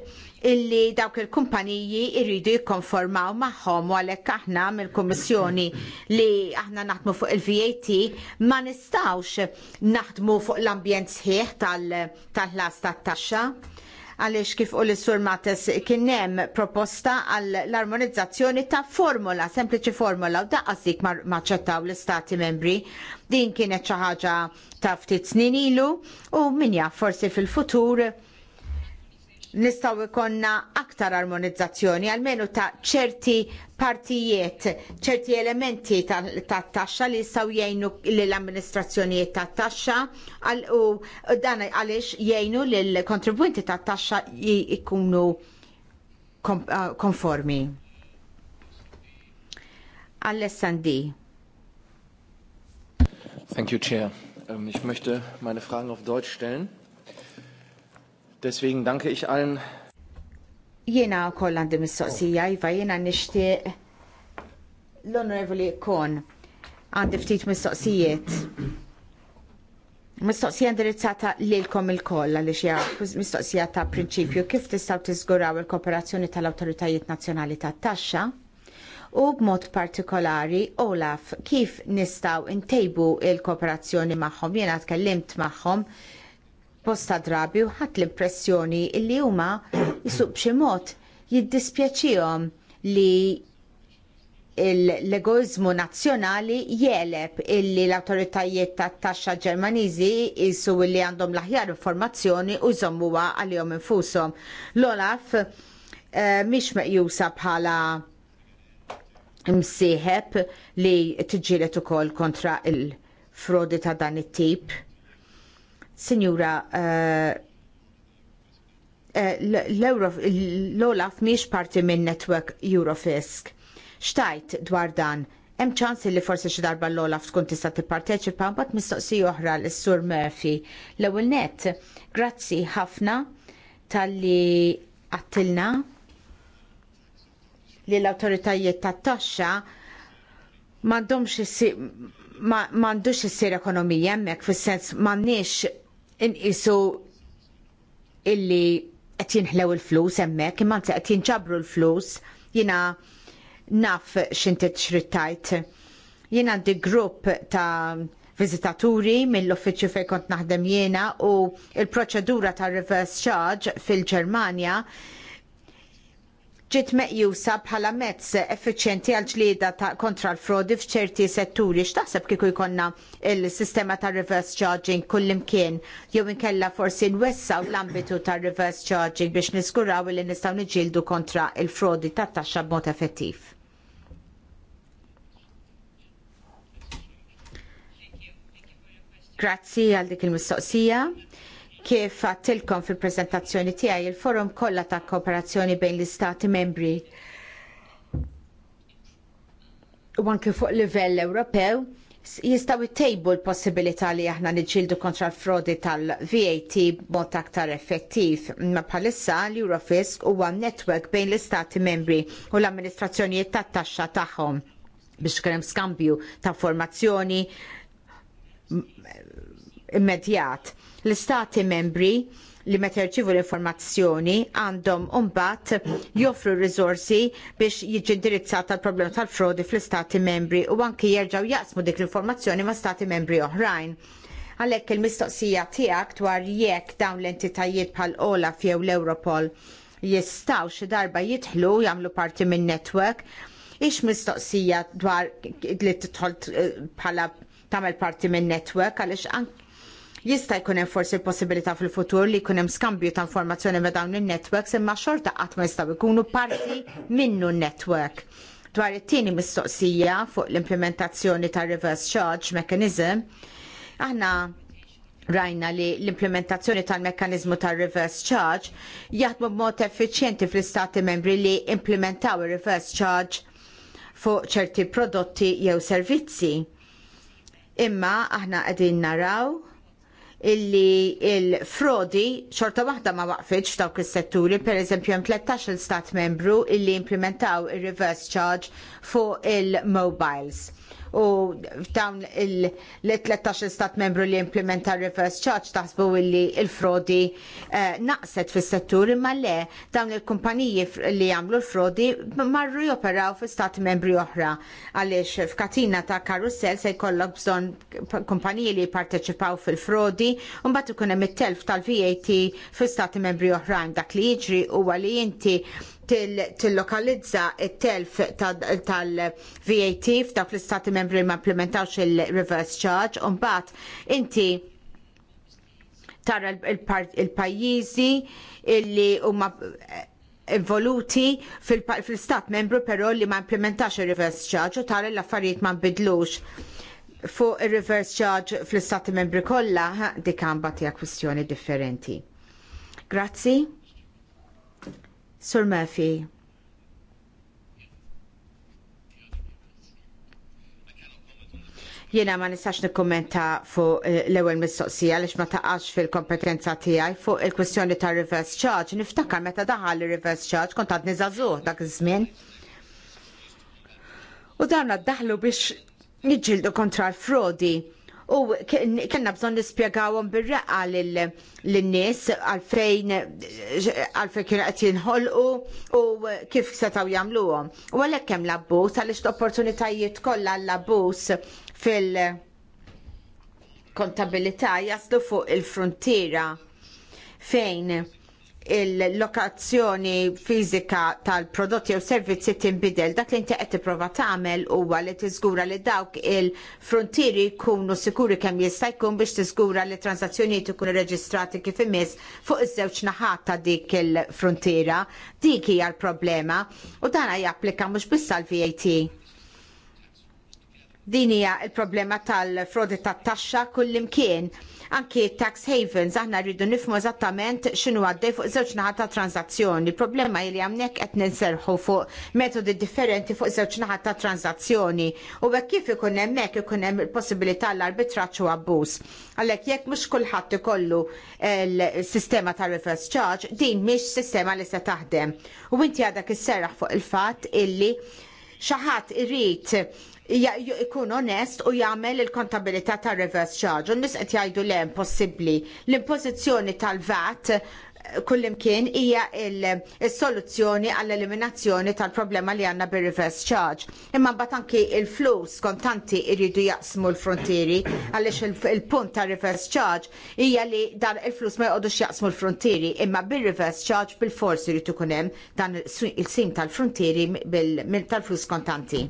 illi dawk il-kumpaniji jridu jikkonformaw magħhom u għalhekk aħna mill-Kummissjoni li aħna naħdmu fuq il-VAT ma nistawx naħdmu fuq l-ambjent sħiħ tal-ħlas tat-taxxa għaliex kif u l-sur Mates kien hemm proposta għall armonizzazzjoni ta' formula, sempliċi formula u daqqas dik maċċettaw l-istati membri. Din kienet xi ħaġa ta' ftit snin ilu u min forsi fil-futur nistaw ikonna aktar armonizzazzjoni, għalmenu ta' ċerti partijiet, ċerti elementi ta' taxxa li jistaw jgħinu l-amministrazzjonijiet ta' taxxa u dan għalix jgħinu l kontribuenti ta' taxxa jikunu eh, konformi. Alessandi. Thank you, Chair. Ähm, ich möchte meine Fragen auf Deutsch stellen. Deswegen danke ich allen. Jena koll għandi mistoqsija, Iva, jena nixtieq l-Onorevoli Kon għandi ftit mistoqsijiet. Mistoqsija indirizzata lilkom il għaliex ja mistoqsija ta' prinċipju kif tistgħu tiżguraw il-kooperazzjoni tal-awtoritajiet nazzjonali tat-taxxa u b'mod partikolari Olaf kif nistgħu ntejbu l kooperazzjoni magħhom jiena tkellimt magħhom bosta drabi u ħadd l-impressjoni li huma jisuq b'xi mod jiddispjaċihom li l-egoizmu nazzjonali jeleb illi l awtoritajiet tat taxxa ġermaniżi jisu li għandhom l-aħjar informazzjoni u jżommuha għalihom infushom. L-Olaf eh, mhix meqjusa bħala msieħeb li tiġġieled ukoll kontra il-frodi ta' dan it-tip. Sinjura eh, eh, l-Olaf miex parti minn network Eurofisk. Xtajt dwar dan, hemm ċans li forsi xi darba l-Olaf tkun tista' tipparteċipa mbagħad mistoqsija oħra lis sur Murphy. L-ewwel net, grazzi ħafna talli għattilna li l-awtoritajiet tat-taxxa m'għandhomx m'għandux issir ekonomija hemmhekk fis-sens m'għandniex inqisu illi qed jinħlew il-flus hemmhekk imma qed jinġabru l-flus jiena naf x'intet xrittajt. Jiena għandi grupp ta' viżitaturi mill-uffiċċju fejn kont naħdem jiena u l proċedura ta' reverse charge fil-Ġermanja ġiet meqjusa bħala mezz effiċjenti għal ġlieda kontra l-frodi f'ċerti setturi. X'taħseb kieku jkollna il-sistema ta' reverse charging kullimkien jew inkella forsi nwessaw l-ambitu ta' reverse charging biex niskuraw li nistgħu niġildu kontra l frodi tat taxxa b'mod effettiv. Grazzi għal dik il-mistoqsija. Kif għattilkom fil-prezentazzjoni tiegħi il-forum kollha ta' kooperazzjoni bejn l-istati membri u anke fuq livell Ewropew jistaw it-tejbu l-possibilità li aħna niġġieldu kontra l-frodi tal-VAT b'mod aktar effettiv. Ma bħalissa l-Eurofisk huwa netwerk bejn l-istati membri u l-amministrazzjonijiet tat-taxxa tagħhom biex krem skambju ta' formazzjoni immedjat. L-istati membri li meta jirċivu l-informazzjoni għandhom mbagħad joffru r-riżorsi biex jiġi indirizzata l-problema tal-frodi fl-istati membri u anki jerġgħu jaqsmu dik l-informazzjoni ma' stati membri oħrajn. Għalhekk il-mistoqsija tiegħek dwar jekk dawn l-entitajiet bħal Olaf jew l-Europol jistgħu xi darba jidħlu jagħmlu parti minn netwerk, ix mistoqsija dwar li tidħol bħala tagħmel parti minn netwerk għaliex anke Jista' jkun hemm forsi l-possibilità fil-futur li jkun hemm skambju ta' informazzjoni ma' dawn in netwerks imma xorta qatt ma jistgħu jkunu parti minnu n netwerk Dwar it-tieni mistoqsija fuq l-implementazzjoni ta' reverse charge mechanism, aħna rajna li l-implementazzjoni tal-mekkanizmu tal-reverse charge jaħdmu b'mod effiċjenti fl-istati membri li implementaw ir reverse charge fuq ċerti prodotti jew servizzi. Imma aħna qegħdin naraw illi il-frodi xorta waħda ma waqfitx dawk is-setturi, pereżempju hemm 13 il stat membru illi implementaw ir il reverse charge fuq il-mobiles u dawn il-13 stat membru li implementa reverse charge taħsbu illi il-frodi eh, naqset fis settur imma le dawn il-kumpaniji li jagħmlu l-frodi marru joperaw fi stat membri oħra għaliex f'katina ta' karussell se jkollok bżonn kumpaniji li jparteċipaw fil-frodi u mbagħad ikun hemm it-telf tal-VAT fi stati membri oħrajn dak li jiġri huwa li inti tillokalizza t telf tal-VAT f'dawk l-istati membri ma implementawx il-reverse charge, un bat inti tara il-pajjiżi illi huma involuti fil-stat membru però li ma implementax il-reverse charge u tara l-affarijiet ma nbidlux fuq il-reverse charge fl-istati membri kollha dik għamba tiegħek kwistjoni differenti. Grazzi. Sur Murphy. Jiena ma nistax nikkumenta fuq eh, l-ewwel mistoqsija għaliex ma taqax fil-kompetenza tiegħi fuq il-kwistjoni ta' reverse charge. Niftakar meta daħal il-reverse charge kont għad niżażuh dak iż-żmien. U dan daħlu biex niġġieldu kontra l-frodi u kena bżon nispjegawhom bir-reqqa lin-nies għalfejn għalfejn kienu qed jinħolqu u kif setgħu jagħmluhom. U għalhekk hemm l-abbuż għaliex l-opportunitajiet kollha l-abbuż fil- kontabilità jaslu fuq il-frontiera fejn il-lokazzjoni fiżika tal-prodotti jew servizzi tinbidel, dak li inti qed tipprova tagħmel huwa li tiżgura li dawk il-frontieri jkunu sikuri kemm jista' jkun biex tiżgura li transazzjonijiet ikunu reġistrati kif imiss fuq iż-żewġ naħat ta' dik il-frontiera. Dik hija l-problema u dan japplika mhux biss għall vat Din hija l problema tal-frodi tat-taxxa kullimkien. Anki tax havens, aħna rridu nifmu eżattament x'inhu għaddej fuq żewġ naħat ta' tranzazzjoni. Problema li hawnhekk qed ninserħu fuq metodi differenti fuq żewġ naħat ta' tranzazzjoni. U hekk kif ikun hemmhekk ikun hemm il-possibilità l-arbitraġġ u abbuż. Għalhekk jekk mhux kulħadd ikollu l-sistema ta' reverse charge, din mhix sistema li se taħdem. U inti għadak isserraħ fuq il-fatt illi xaħat irrit ikun onest u jagħmel il-kontabilità tar reverse charge. U nies qed jgħidu le impossibbli. L-impożizzjoni tal-VAT kullimkien hija il-soluzzjoni għall-eliminazzjoni tal-problema li għandna bir reverse charge. Imma mbagħad anki l flus kontanti jridu jaqsmu l-frontieri għaliex il-punt ta' reverse charge hija li dan il-flus ma jgħodux jaqsmu l-frontieri imma bir reverse charge bil-forsi jrid ikun hemm dan il-sim tal-frontieri tal-flus kontanti.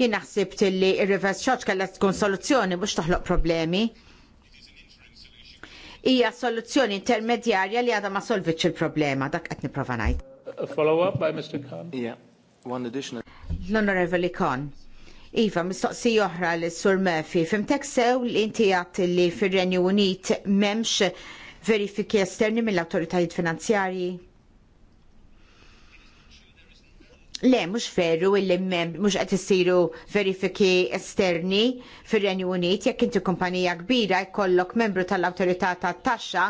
Jien naħseb li ir-reverse charge kellha tkun soluzzjoni mhux toħloq problemi. Hija soluzzjoni intermedjarja li għadha ma solvitx il-problema, dak qed nipprova ngħid. Follow-up by Mr. Khan? Yeah, one additional. L-Onorevoli Khan. Iva, mistoqsi oħra l sur Murphy. Fimtek sew li inti għat li fir-Renju Unit memx verifiki esterni mill-autoritajiet finanzjarji? Le, mhux il illi mhux qed isiru verifiki esterni fir renju Unit, jekk inti kumpanija kbira jkollok membru tal awtorità tat-taxxa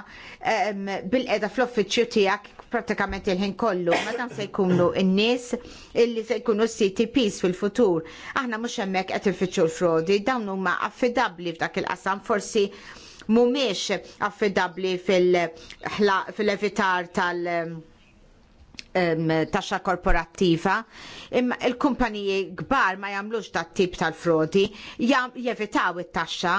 bil-qeda fl-uffiċċju tiegħek pratikament il-ħin kollu, Ma dan se jkunu n-nies illi se jkunu CTPs fil-futur. Aħna mhux hemmhekk qed fiċu l-frodi, dawn huma affidabbli f'dak il-qasam forsi mhumiex affidabbli fil-evitar tal- taxxa korporattiva, imma il-kumpaniji kbar ma jagħmlux dat tip tal-frodi, jevitaw it-taxxa.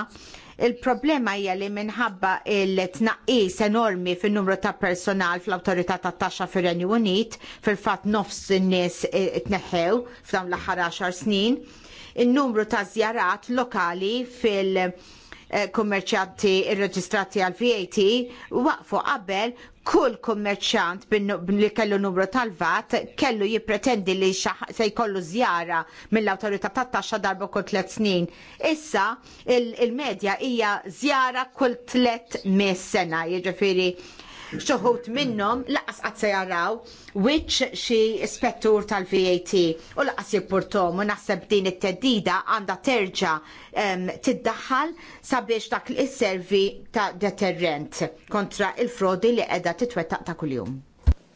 Il-problema hija li minħabba il-tnaqqis enormi fin numru ta' personal fl-Awtorità tat taxxa fir-Renju Unit, fil-fatt nofs in-nies e, tneħħew f'dawn l-aħħar 10 snin, in numru ta' żjarat lokali fil- Eh, kummerċanti irreġistrati għal VAT waqfu qabel kull kummerċant li kellu numru tal-VAT kellu jippretendi li se jkollu żjara mill-awtorità tat-taxxa darba kull tliet snin. Issa il-medja hija żjara kull tliet mis sena, jiġifieri xoħut minnom laqas qatt se jaraw wiċċ xi spettur tal-VAT u laqas jipportom u naħseb din it-teddida għandha terġa' tiddaħħal sabiex dak is servi ta' deterrent kontra il-frodi li qiegħda titwettaq ta' kuljum.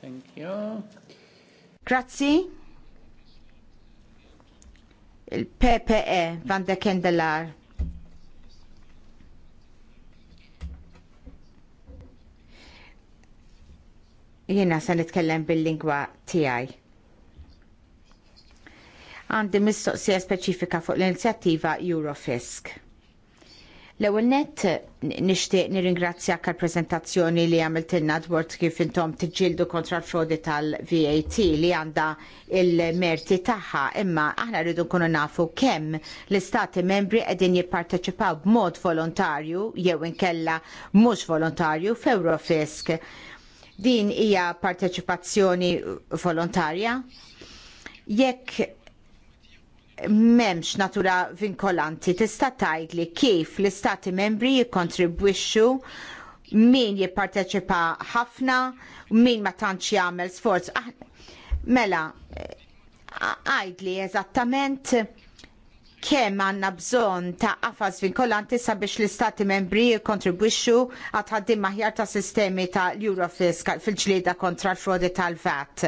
Thank you. Grazzi il-PPE Van de Kendelar. Jiena se nitkellem bil-lingwa tiegħi. Għandi mistoqsija speċifika fuq l-inizjattiva Eurofisk. L-ewwel nett nixtieq nirringrazzja għall prezentazzjoni li għamiltilna dwar kif intom tiġġieldu kontra l-frodi tal-VAT li għandha il-merti tagħha, imma aħna rridu nkunu nafu kemm l-istati membri qegħdin jipparteċipaw b'mod volontarju jew inkella mhux volontarju f'Eurofisk Din hija parteċipazzjoni volontarja. Jekk memx natura vinkolanti tista' tgħidli kif l-istati membri jikkontribwixxu min jipparteċipa ħafna, min ma tantx jagħmel sforz. Ah, mela, għajdli eżattament kemm għandna bżonn ta' qafas vinkolanti sabiex l-istati membri jikkontribwixxu għal tħaddim maħjar ta' sistemi ta' Eurofisk fil-ġlieda kontra l-frodi tal-VAT.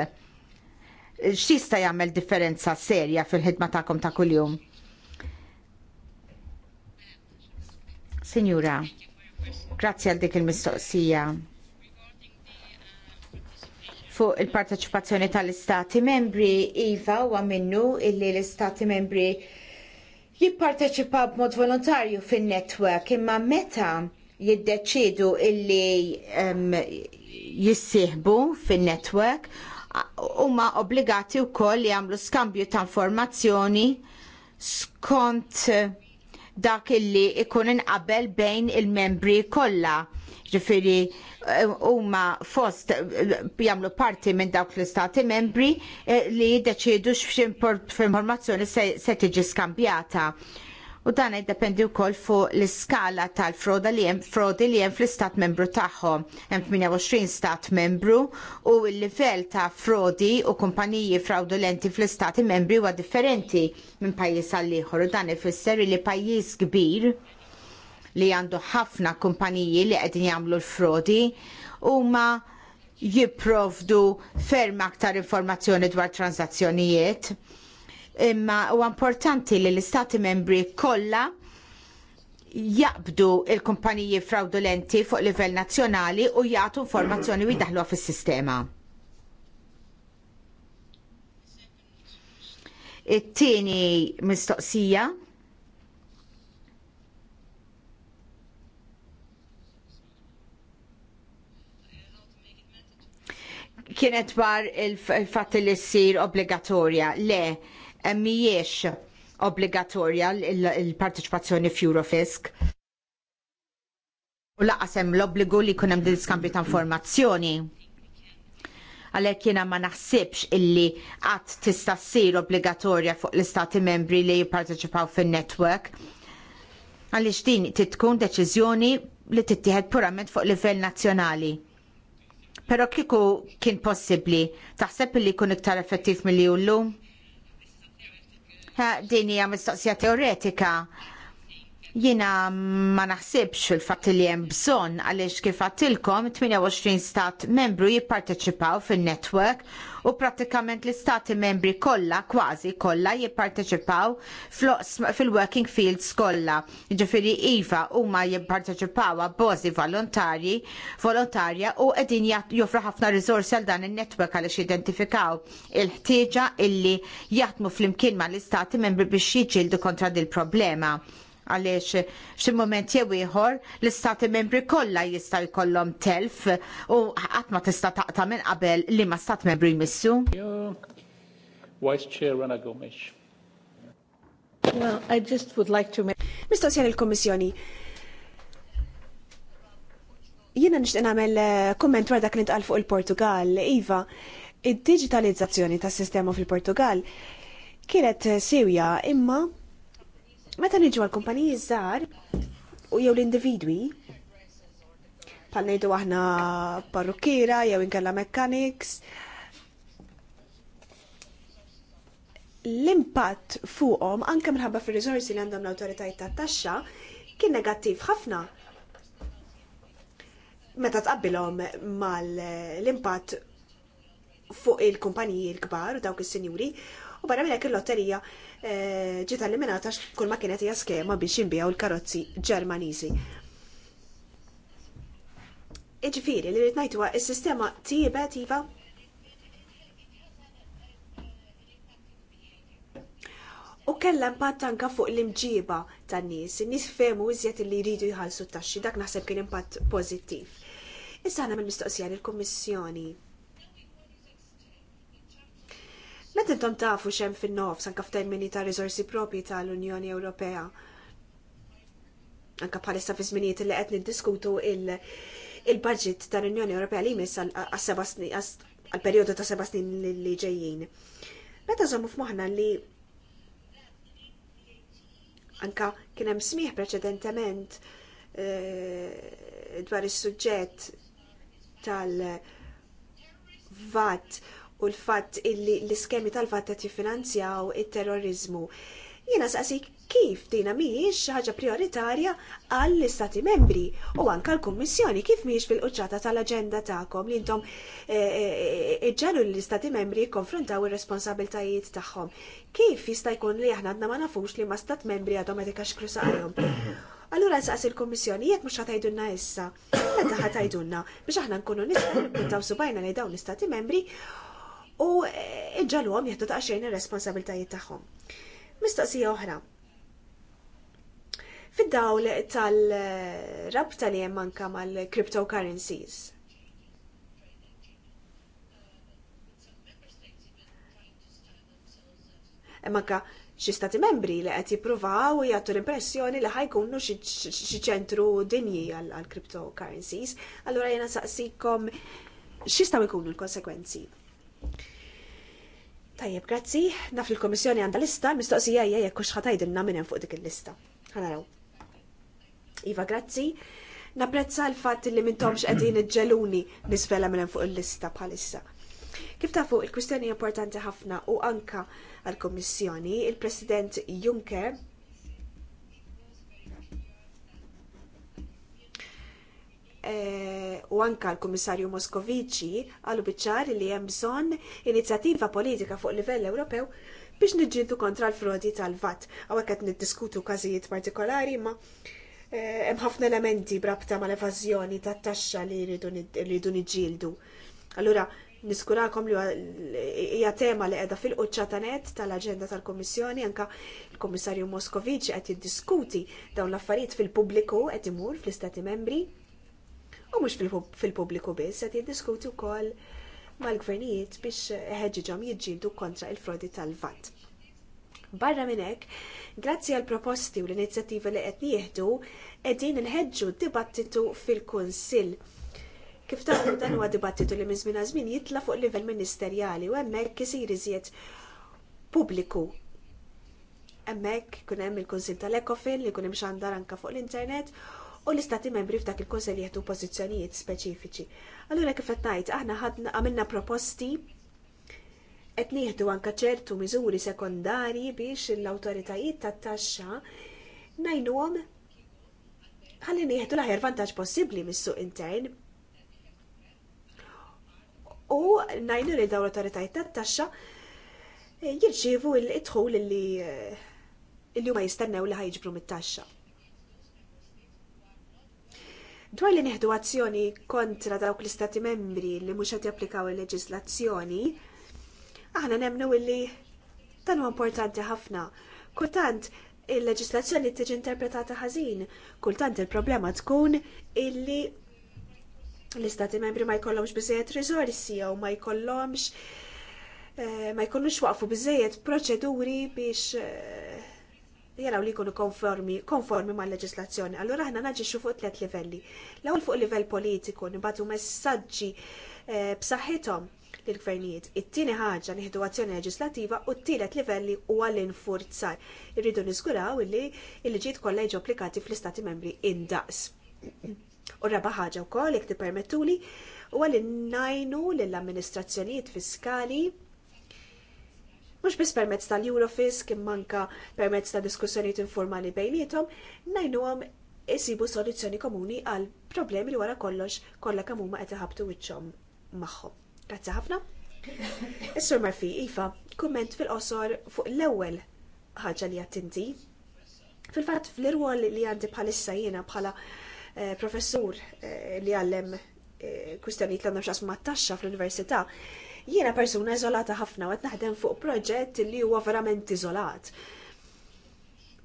X'ista' jagħmel differenza serja fil-ħidma tagħkom ta' kuljum? Signora, grazie għal dik il-mistoqsija fuq il-parteċipazzjoni tal-istati membri, Iva, u minnu illi l-istati membri jipparteċipaw b'mod volontarju fin netwerk imma meta jiddeċidu illi um, jissieħbu fin netwerk huma obbligati wkoll li jagħmlu skambju ta' informazzjoni skont uh, dak illi ikun inqabel bejn il-membri kollha. Ġifiri, eh, huma fost eh, jagħmlu parti minn dawk l-istati membri eh, li jiddeċiedu x'informazzjoni se tiġi skambjata u dan jiddependi wkoll fuq l-iskala tal-froda li hemm frodi li hemm fl-istat membru tagħhom. Hemm 28 stat membru u l-livell ta' frodi u kumpaniji fraudulenti fl-istati membri huwa differenti minn pajjiż għal u dan ifisser li pajjiż kbir li għandu ħafna kumpaniji li għedin jamlu l-frodi huma jipprovdu ferm aktar informazzjoni dwar transazzjonijiet imma huwa importanti li l-istati membri kollha jaqbdu l kumpaniji fraudulenti fuq livell nazzjonali u jagħtu informazzjoni u jdaħluha fis-sistema. It-tieni mistoqsija kienet dwar il-fatt li ssir obbligatorja. Le, mhijiex obbligatorja l-parteċipazzjoni f'Eurofisk. U laqas hemm l-obbligu li jkun hemm skambju ta' informazzjoni. Għalhekk jiena ma naħsibx illi qatt tista' ssir obbligatorja fuq l-istati membri li jipparteċipaw fin-netwerk. Għaliex din titkun deċiżjoni li tittieħed purament fuq livell nazzjonali. Però kieku kien possibbli, taħseb li jkun iktar effettiv milli llum? Din hija mistoqsija teoretika Jiena ma naħsibx il fatt li hemm bżonn għaliex kif għatilkom 28 stat membru jipparteċipaw fin-network u prattikament l-istati membri kollha kważi kollha jipparteċipaw fil-working fields kollha. Ġifieri iva huma jipparteċipaw b'bożi volontarji volontarja u qegħdin joffru ħafna riżorsi għal dan in-network għaliex identifikaw il-ħtieġa illi jaħdmu flimkien mal istati membri biex jiġġieldu kontra dil-problema għaliex xi moment jew ieħor l-istati membri kollha jista' jkollhom telf u qatt ma tista' taqta' minn qabel li ma stat membri jmissu. Vice Chair Rana Well, I just would like to make... Mistoqsjan il-Kommissjoni. Jiena nixtieq nagħmel eh, komment dwar dak li ntqal fuq il-Portugal, Iva, id-digitalizzazzjoni tas-sistema fil-Portugal kienet sewja imma Meta niġu għal-kumpaniji żgħar u jew l-individwi, bħal ngħidu aħna parrukkiera jew inkella mechanics, l-impatt fuqhom anke minħabba fir-riżorsi li għandhom l-awtoritajiet tat-taxxa kien negattiv ħafna. Meta tqabbilhom mal-impatt fuq il-kumpaniji l-kbar u dawk is-sinjuri u barra minn il-lotterija eh, ġiet eliminata kull ma kienet hija skema biex jinbijaw il-karozzi Ġermaniżi. Iġifiri, li rritnajtu ngħidwa is-sistema tiebet iva U kellha impatt anka fuq l-imġiba tan-nies, in-nies fehmu iżjed li jridu jħallsu t-taxxi, dak naħseb kien impatt pożittiv. Issa għandna mill-mistoqsija lill-Kummissjoni. Meta intom tafu xem fin-nofs anka mini ta' propi ta' tal-Unjoni Ewropea. Anka bħalissa fi żminijiet li qed niddiskutu il-budget tal-Unjoni Ewropea li jmiss għal-perjodu ta' seba' snin li ġejjin. Meta zomu f'moħna li anka kien hemm smih preċedentement eh, dwar is-suġġett tal-VAT u l-fatt illi l-iskemi tal-fatt qed jiffinanzjaw it-terrorizmu. Jiena saqsik kif dina mhijiex ħaġa prioritarja għall istati membri u anke l-Kummissjoni kif mhijiex fil-quċċata tal-aġenda tagħkom li intom eh, eh, iġġelu l-istati membri jikkonfrontaw ir-responsabiltajiet tagħhom. Kif jista' jkun li aħna għadna ma nafux li ma stat membri għadhom qed ikaxkru saqajhom. Allura nsaqs il-Kommissjoni jekk mhux ħatajdunna issa, meta ħatajdunna biex aħna nkunu nistgħu nippuntaw subajna li dawn l-istati membri u iġġalhom jieħdu ta' xejn ir-responsabiltajiet tagħhom. Mistoqsija oħra. Fid-dawl tal-rabta li hemm anke mal-cryptocurrencies. Hemm anke xi stati membri li qed jippruvaw jagħtu l-impressjoni li ħajkunu xi ċentru dinji għal cryptocurrencies, allura jena saqsikom x'jistgħu jkunu l-konsekwenzi. Tajjeb, grazzi, naf il-Komissjoni għandha lista, mistoqsija hija jekk hux ħatajdilna minn hemm fuq dik il-lista. Għanaraw. Iva, grazzi. Napprezza l-fatt li mintomx qegħdin iġġeluni nisfela minn hemm fuq il-lista bħalissa. Kif tafu il-kwistjoni importanti ħafna u anka għall-Kummissjoni, il-President Juncker Eh, u anka l-Kummissarju Moskovici għallu biċċar li hemm bżonn inizjattiva politika fuq livell Ewropew biex niġġieldu kontra l-frodi tal-VAT. Għawek qed niddiskutu każijiet partikolari ma eh, hemm ħafna elementi brabta mal-evażjoni tat-taxxa li rridu niġġieldu. Allura, niskurakom li hija tema li qiegħda fil-quċċa tanet tal-aġenda tal kummissjoni anka l-Kummissarju Moskovici qed jiddiskuti dawn l-affarijiet fil-pubbliku qed imur fl-Istati Membri u mhux fil-pubbliku biss qed jiddiskuti wkoll mal-gvernijiet biex ħeġġiġhom jiġġieldu kontra il-frodi tal-vat. Barra minn hekk, grazzi għal proposti u l-inizjattivi li qed nieħdu, qegħdin nħedġu dibattitu fil-Kunsill. Kif taħdu dan huwa dibattitu li minn żmien jitla fuq livell ministerjali u hemmhekk isir iżjed pubbliku Emmek, kunem hemm il-Kunsil tal-Ekofin li kunem hemm xandar anka fuq l-internet u l-istati membri f'dak il-Konsell jieħdu pożizzjonijiet speċifiċi. Allura kif qed ngħid aħna ħadna għamilna proposti qed nieħdu anke ċertu miżuri sekondarji biex l-awtoritajiet tat-taxxa ngħinuhom ħalli nieħdu l-aħjar vantaġġ possibbli mis-suq intern u najnu li dawn l-autoritajiet tat-taxxa jirċievu l-idħul li eh, li huma jistennew li ħajġbru mit-taxxa. Dwar li neħdu azzjoni kontra dawk l-istati membri li mhux qed japplikaw il-leġislazzjoni, aħna nemnu illi dan huwa importanti ħafna. Kultant il-leġislazzjoni tiġi interpretata ħażin, kultant il-problema tkun illi l-istati membri ma jkollhomx biżejjed riżorsi jew ma jkollhomx eh, ma jkollux waqfu biżejjed proċeduri biex eh, jaraw li jkunu konformi, konformi mal leġislazzjoni allora aħna naġixxu fuq tliet livelli. L-ewwel fuq livell politiku nibatu messaġġi eh, b'saħħithom lill-gvernijiet. It-tieni ħaġa nieħdu azzjoni leġislativa u t-tielet livelli huwa l-infurzar. Irridu niżguraw li l-liġijiet kollha jiġu applikati fl-istati membri indaqs. U raba ħaġa wkoll jekk permettuli huwa li najnu lill-amministrazzjonijiet fiskali mhux biss permezz tal-Eurofis kien manka permezz ta' diskussjonijiet informali bejnietom, għom isibu soluzzjoni komuni għal problemi li wara kollox kollha kemm huma qed iħabtu wiċċhom magħhom. Grazzi ħafna. Is-Sur Marfi, Iva, kumment fil-qosor fuq l-ewwel ħaġa li għattinti. Fil-fatt fl-irwol li għandi bħalissa jiena bħala eh, professur eh, li għallem eh, kustjoni l-għandhom xasmu mat-taxxa fl-Università, Jiena persuna iżolata ħafna u naħdem fuq proġett li huwa verament iżolat.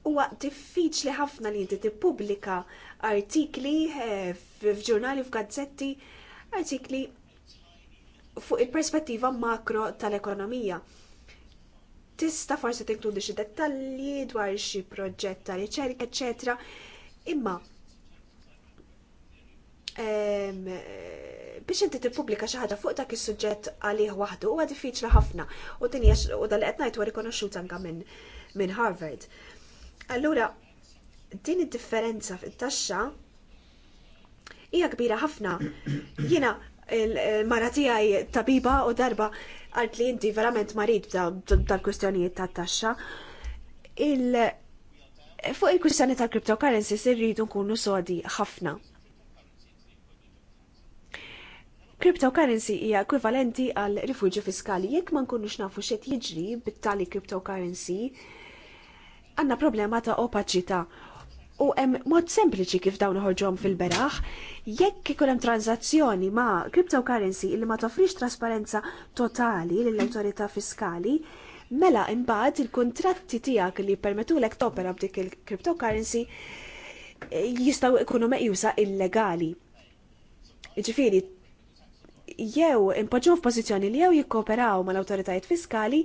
Huwa diffiċli ħafna li inti tippubblika artikli eh, f'ġurnali f'gazzetti artikli fuq il-perspettiva makro tal-ekonomija. Tista forsi tinkludi xi dettalji dwar xi proġett ta' riċerka, eccetera, imma ehm, biex inti tippubblika xi ħaġa fuq dak is-suġġett għalih waħdu huwa diffiċli ħafna u din u dan li qed ngħid huwa rikonoxxut anke minn Harvard. Allura din id-differenza fit-taxxa hija kbira ħafna. Jiena il-mara tiegħi tabiba u darba għalt li inti verament marid dal-kwistjonijiet tat-taxxa. Il fuq il-kwistjoni tal-cryptocurrencies irridu nkunu sodi ħafna Cryptocurrency hija ekwivalenti għal rifuġju fiskali. Jekk ma nkunux nafu xed jiġri bit-tali cryptocurrency, għandna problema ta' opaċità. U hemm mod sempliċi kif dawn iħorġhom fil-beraħ, jekk ikun hemm tranzazzjoni ma' cryptocurrency li ma tofrix trasparenza totali lill-awtorità fiskali, mela imbagħad il-kuntratti tiegħek li jippermetulek topera b'dik il-cryptocurrency eh, jistgħu jkunu meqjusa illegali. Ġifieri jew impoġġu f'pożizzjoni li jew jikkooperaw mal-awtoritajiet fiskali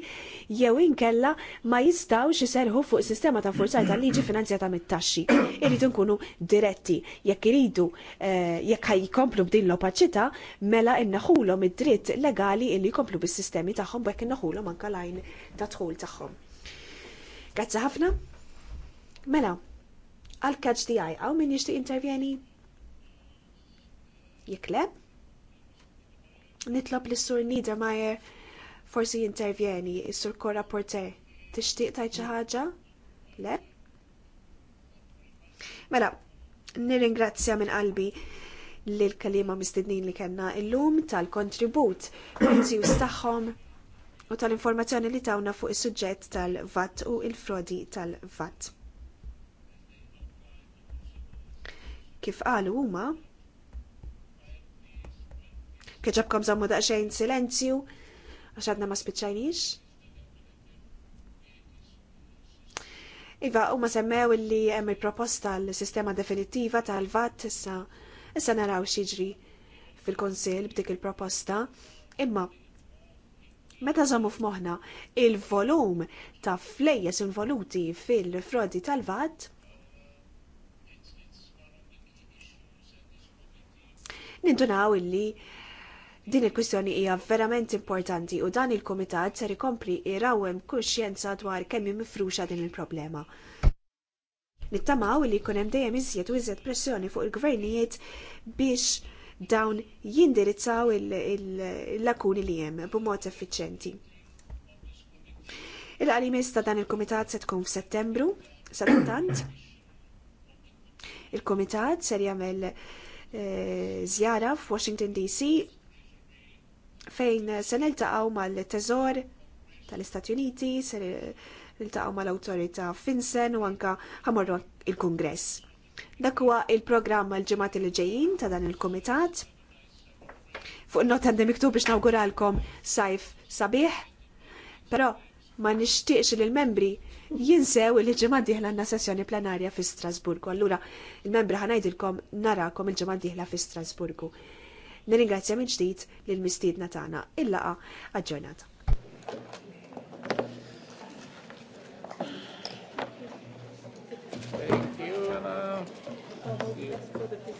jew inkella ma jistgħux iserħu fuq sistema ta' forzaj tal-liġi finanzjata mit-taxxi. Irridu nkunu diretti jekk iridu eh, jekk jkomplu b'din l-opaċità mela innaħulhom id-dritt legali li jkomplu bis-sistemi tagħhom b'hekk innaħulhom anke lajn ta' dħul tagħhom. Grazzi ħafna. Mela, għal-kaċ di għaw min jishti intervjeni? Jekle? Nitlob li sur Nida Majer forsi jintervjeni, is-sur korrapporter. Tixtieq tajt xi ħaġa? Le? Mela, nirringrazzja minn qalbi lil kalima mistednin li kellna illum tal-kontribut prezzjuż tagħhom u tal-informazzjoni li tawna fuq is-suġġett tal-VAT u il-frodi tal-VAT. Kif qalu huma, Kieġabkom zammu daqxejn silenzju, għax għadna ma spiċċajnix. Iva, u ma semmew li hemm il-proposta l-sistema definittiva tal-VAT issa issa naraw xieġri fil-konsil b'dik il-proposta. Imma meta żammu f'moħħna il-volum ta' flejjes involuti fil-frodi tal-VAT, nindunaw illi Din il-kwistjoni hija verament importanti u dan il-Kumitat ser ikompli irawem kuxjenza dwar kemm mifruxa din il-problema. Nittamaw li jkun hemm dejjem iżjed u iżjed pressjoni fuq il-gvernijiet biex dawn jindirizzaw il-lakuni li hemm b'mod effiċjenti. Il-qalimis ta' dan il-Kumitat se tkun f'Settembru, sadantant. Il-Kumitat ser jagħmel eh, żjara f'Washington DC fejn se niltaqgħu mal-Teżor tal-Istati Uniti, se niltaqgħu mal-Awtorità Finsen u anka ħamorru il-Kungress. Dak huwa il-programm għal-ġimgħat li ġejjin ta' dan il-Kumitat. Fuq not għandi miktub biex nawguralkom sajf sabiħ, però ma nixtieqx li l-membri jinsew li ġimgħa diħla għandna sessjoni plenarja fi Strasburgu. Allura, il-membri ħanajdilkom narakom il-ġimgħa diħla fi Strasburgu. Nirringrazzja minn ġdid lil mistiedna tagħna il-laqa aġġornata. Thank you,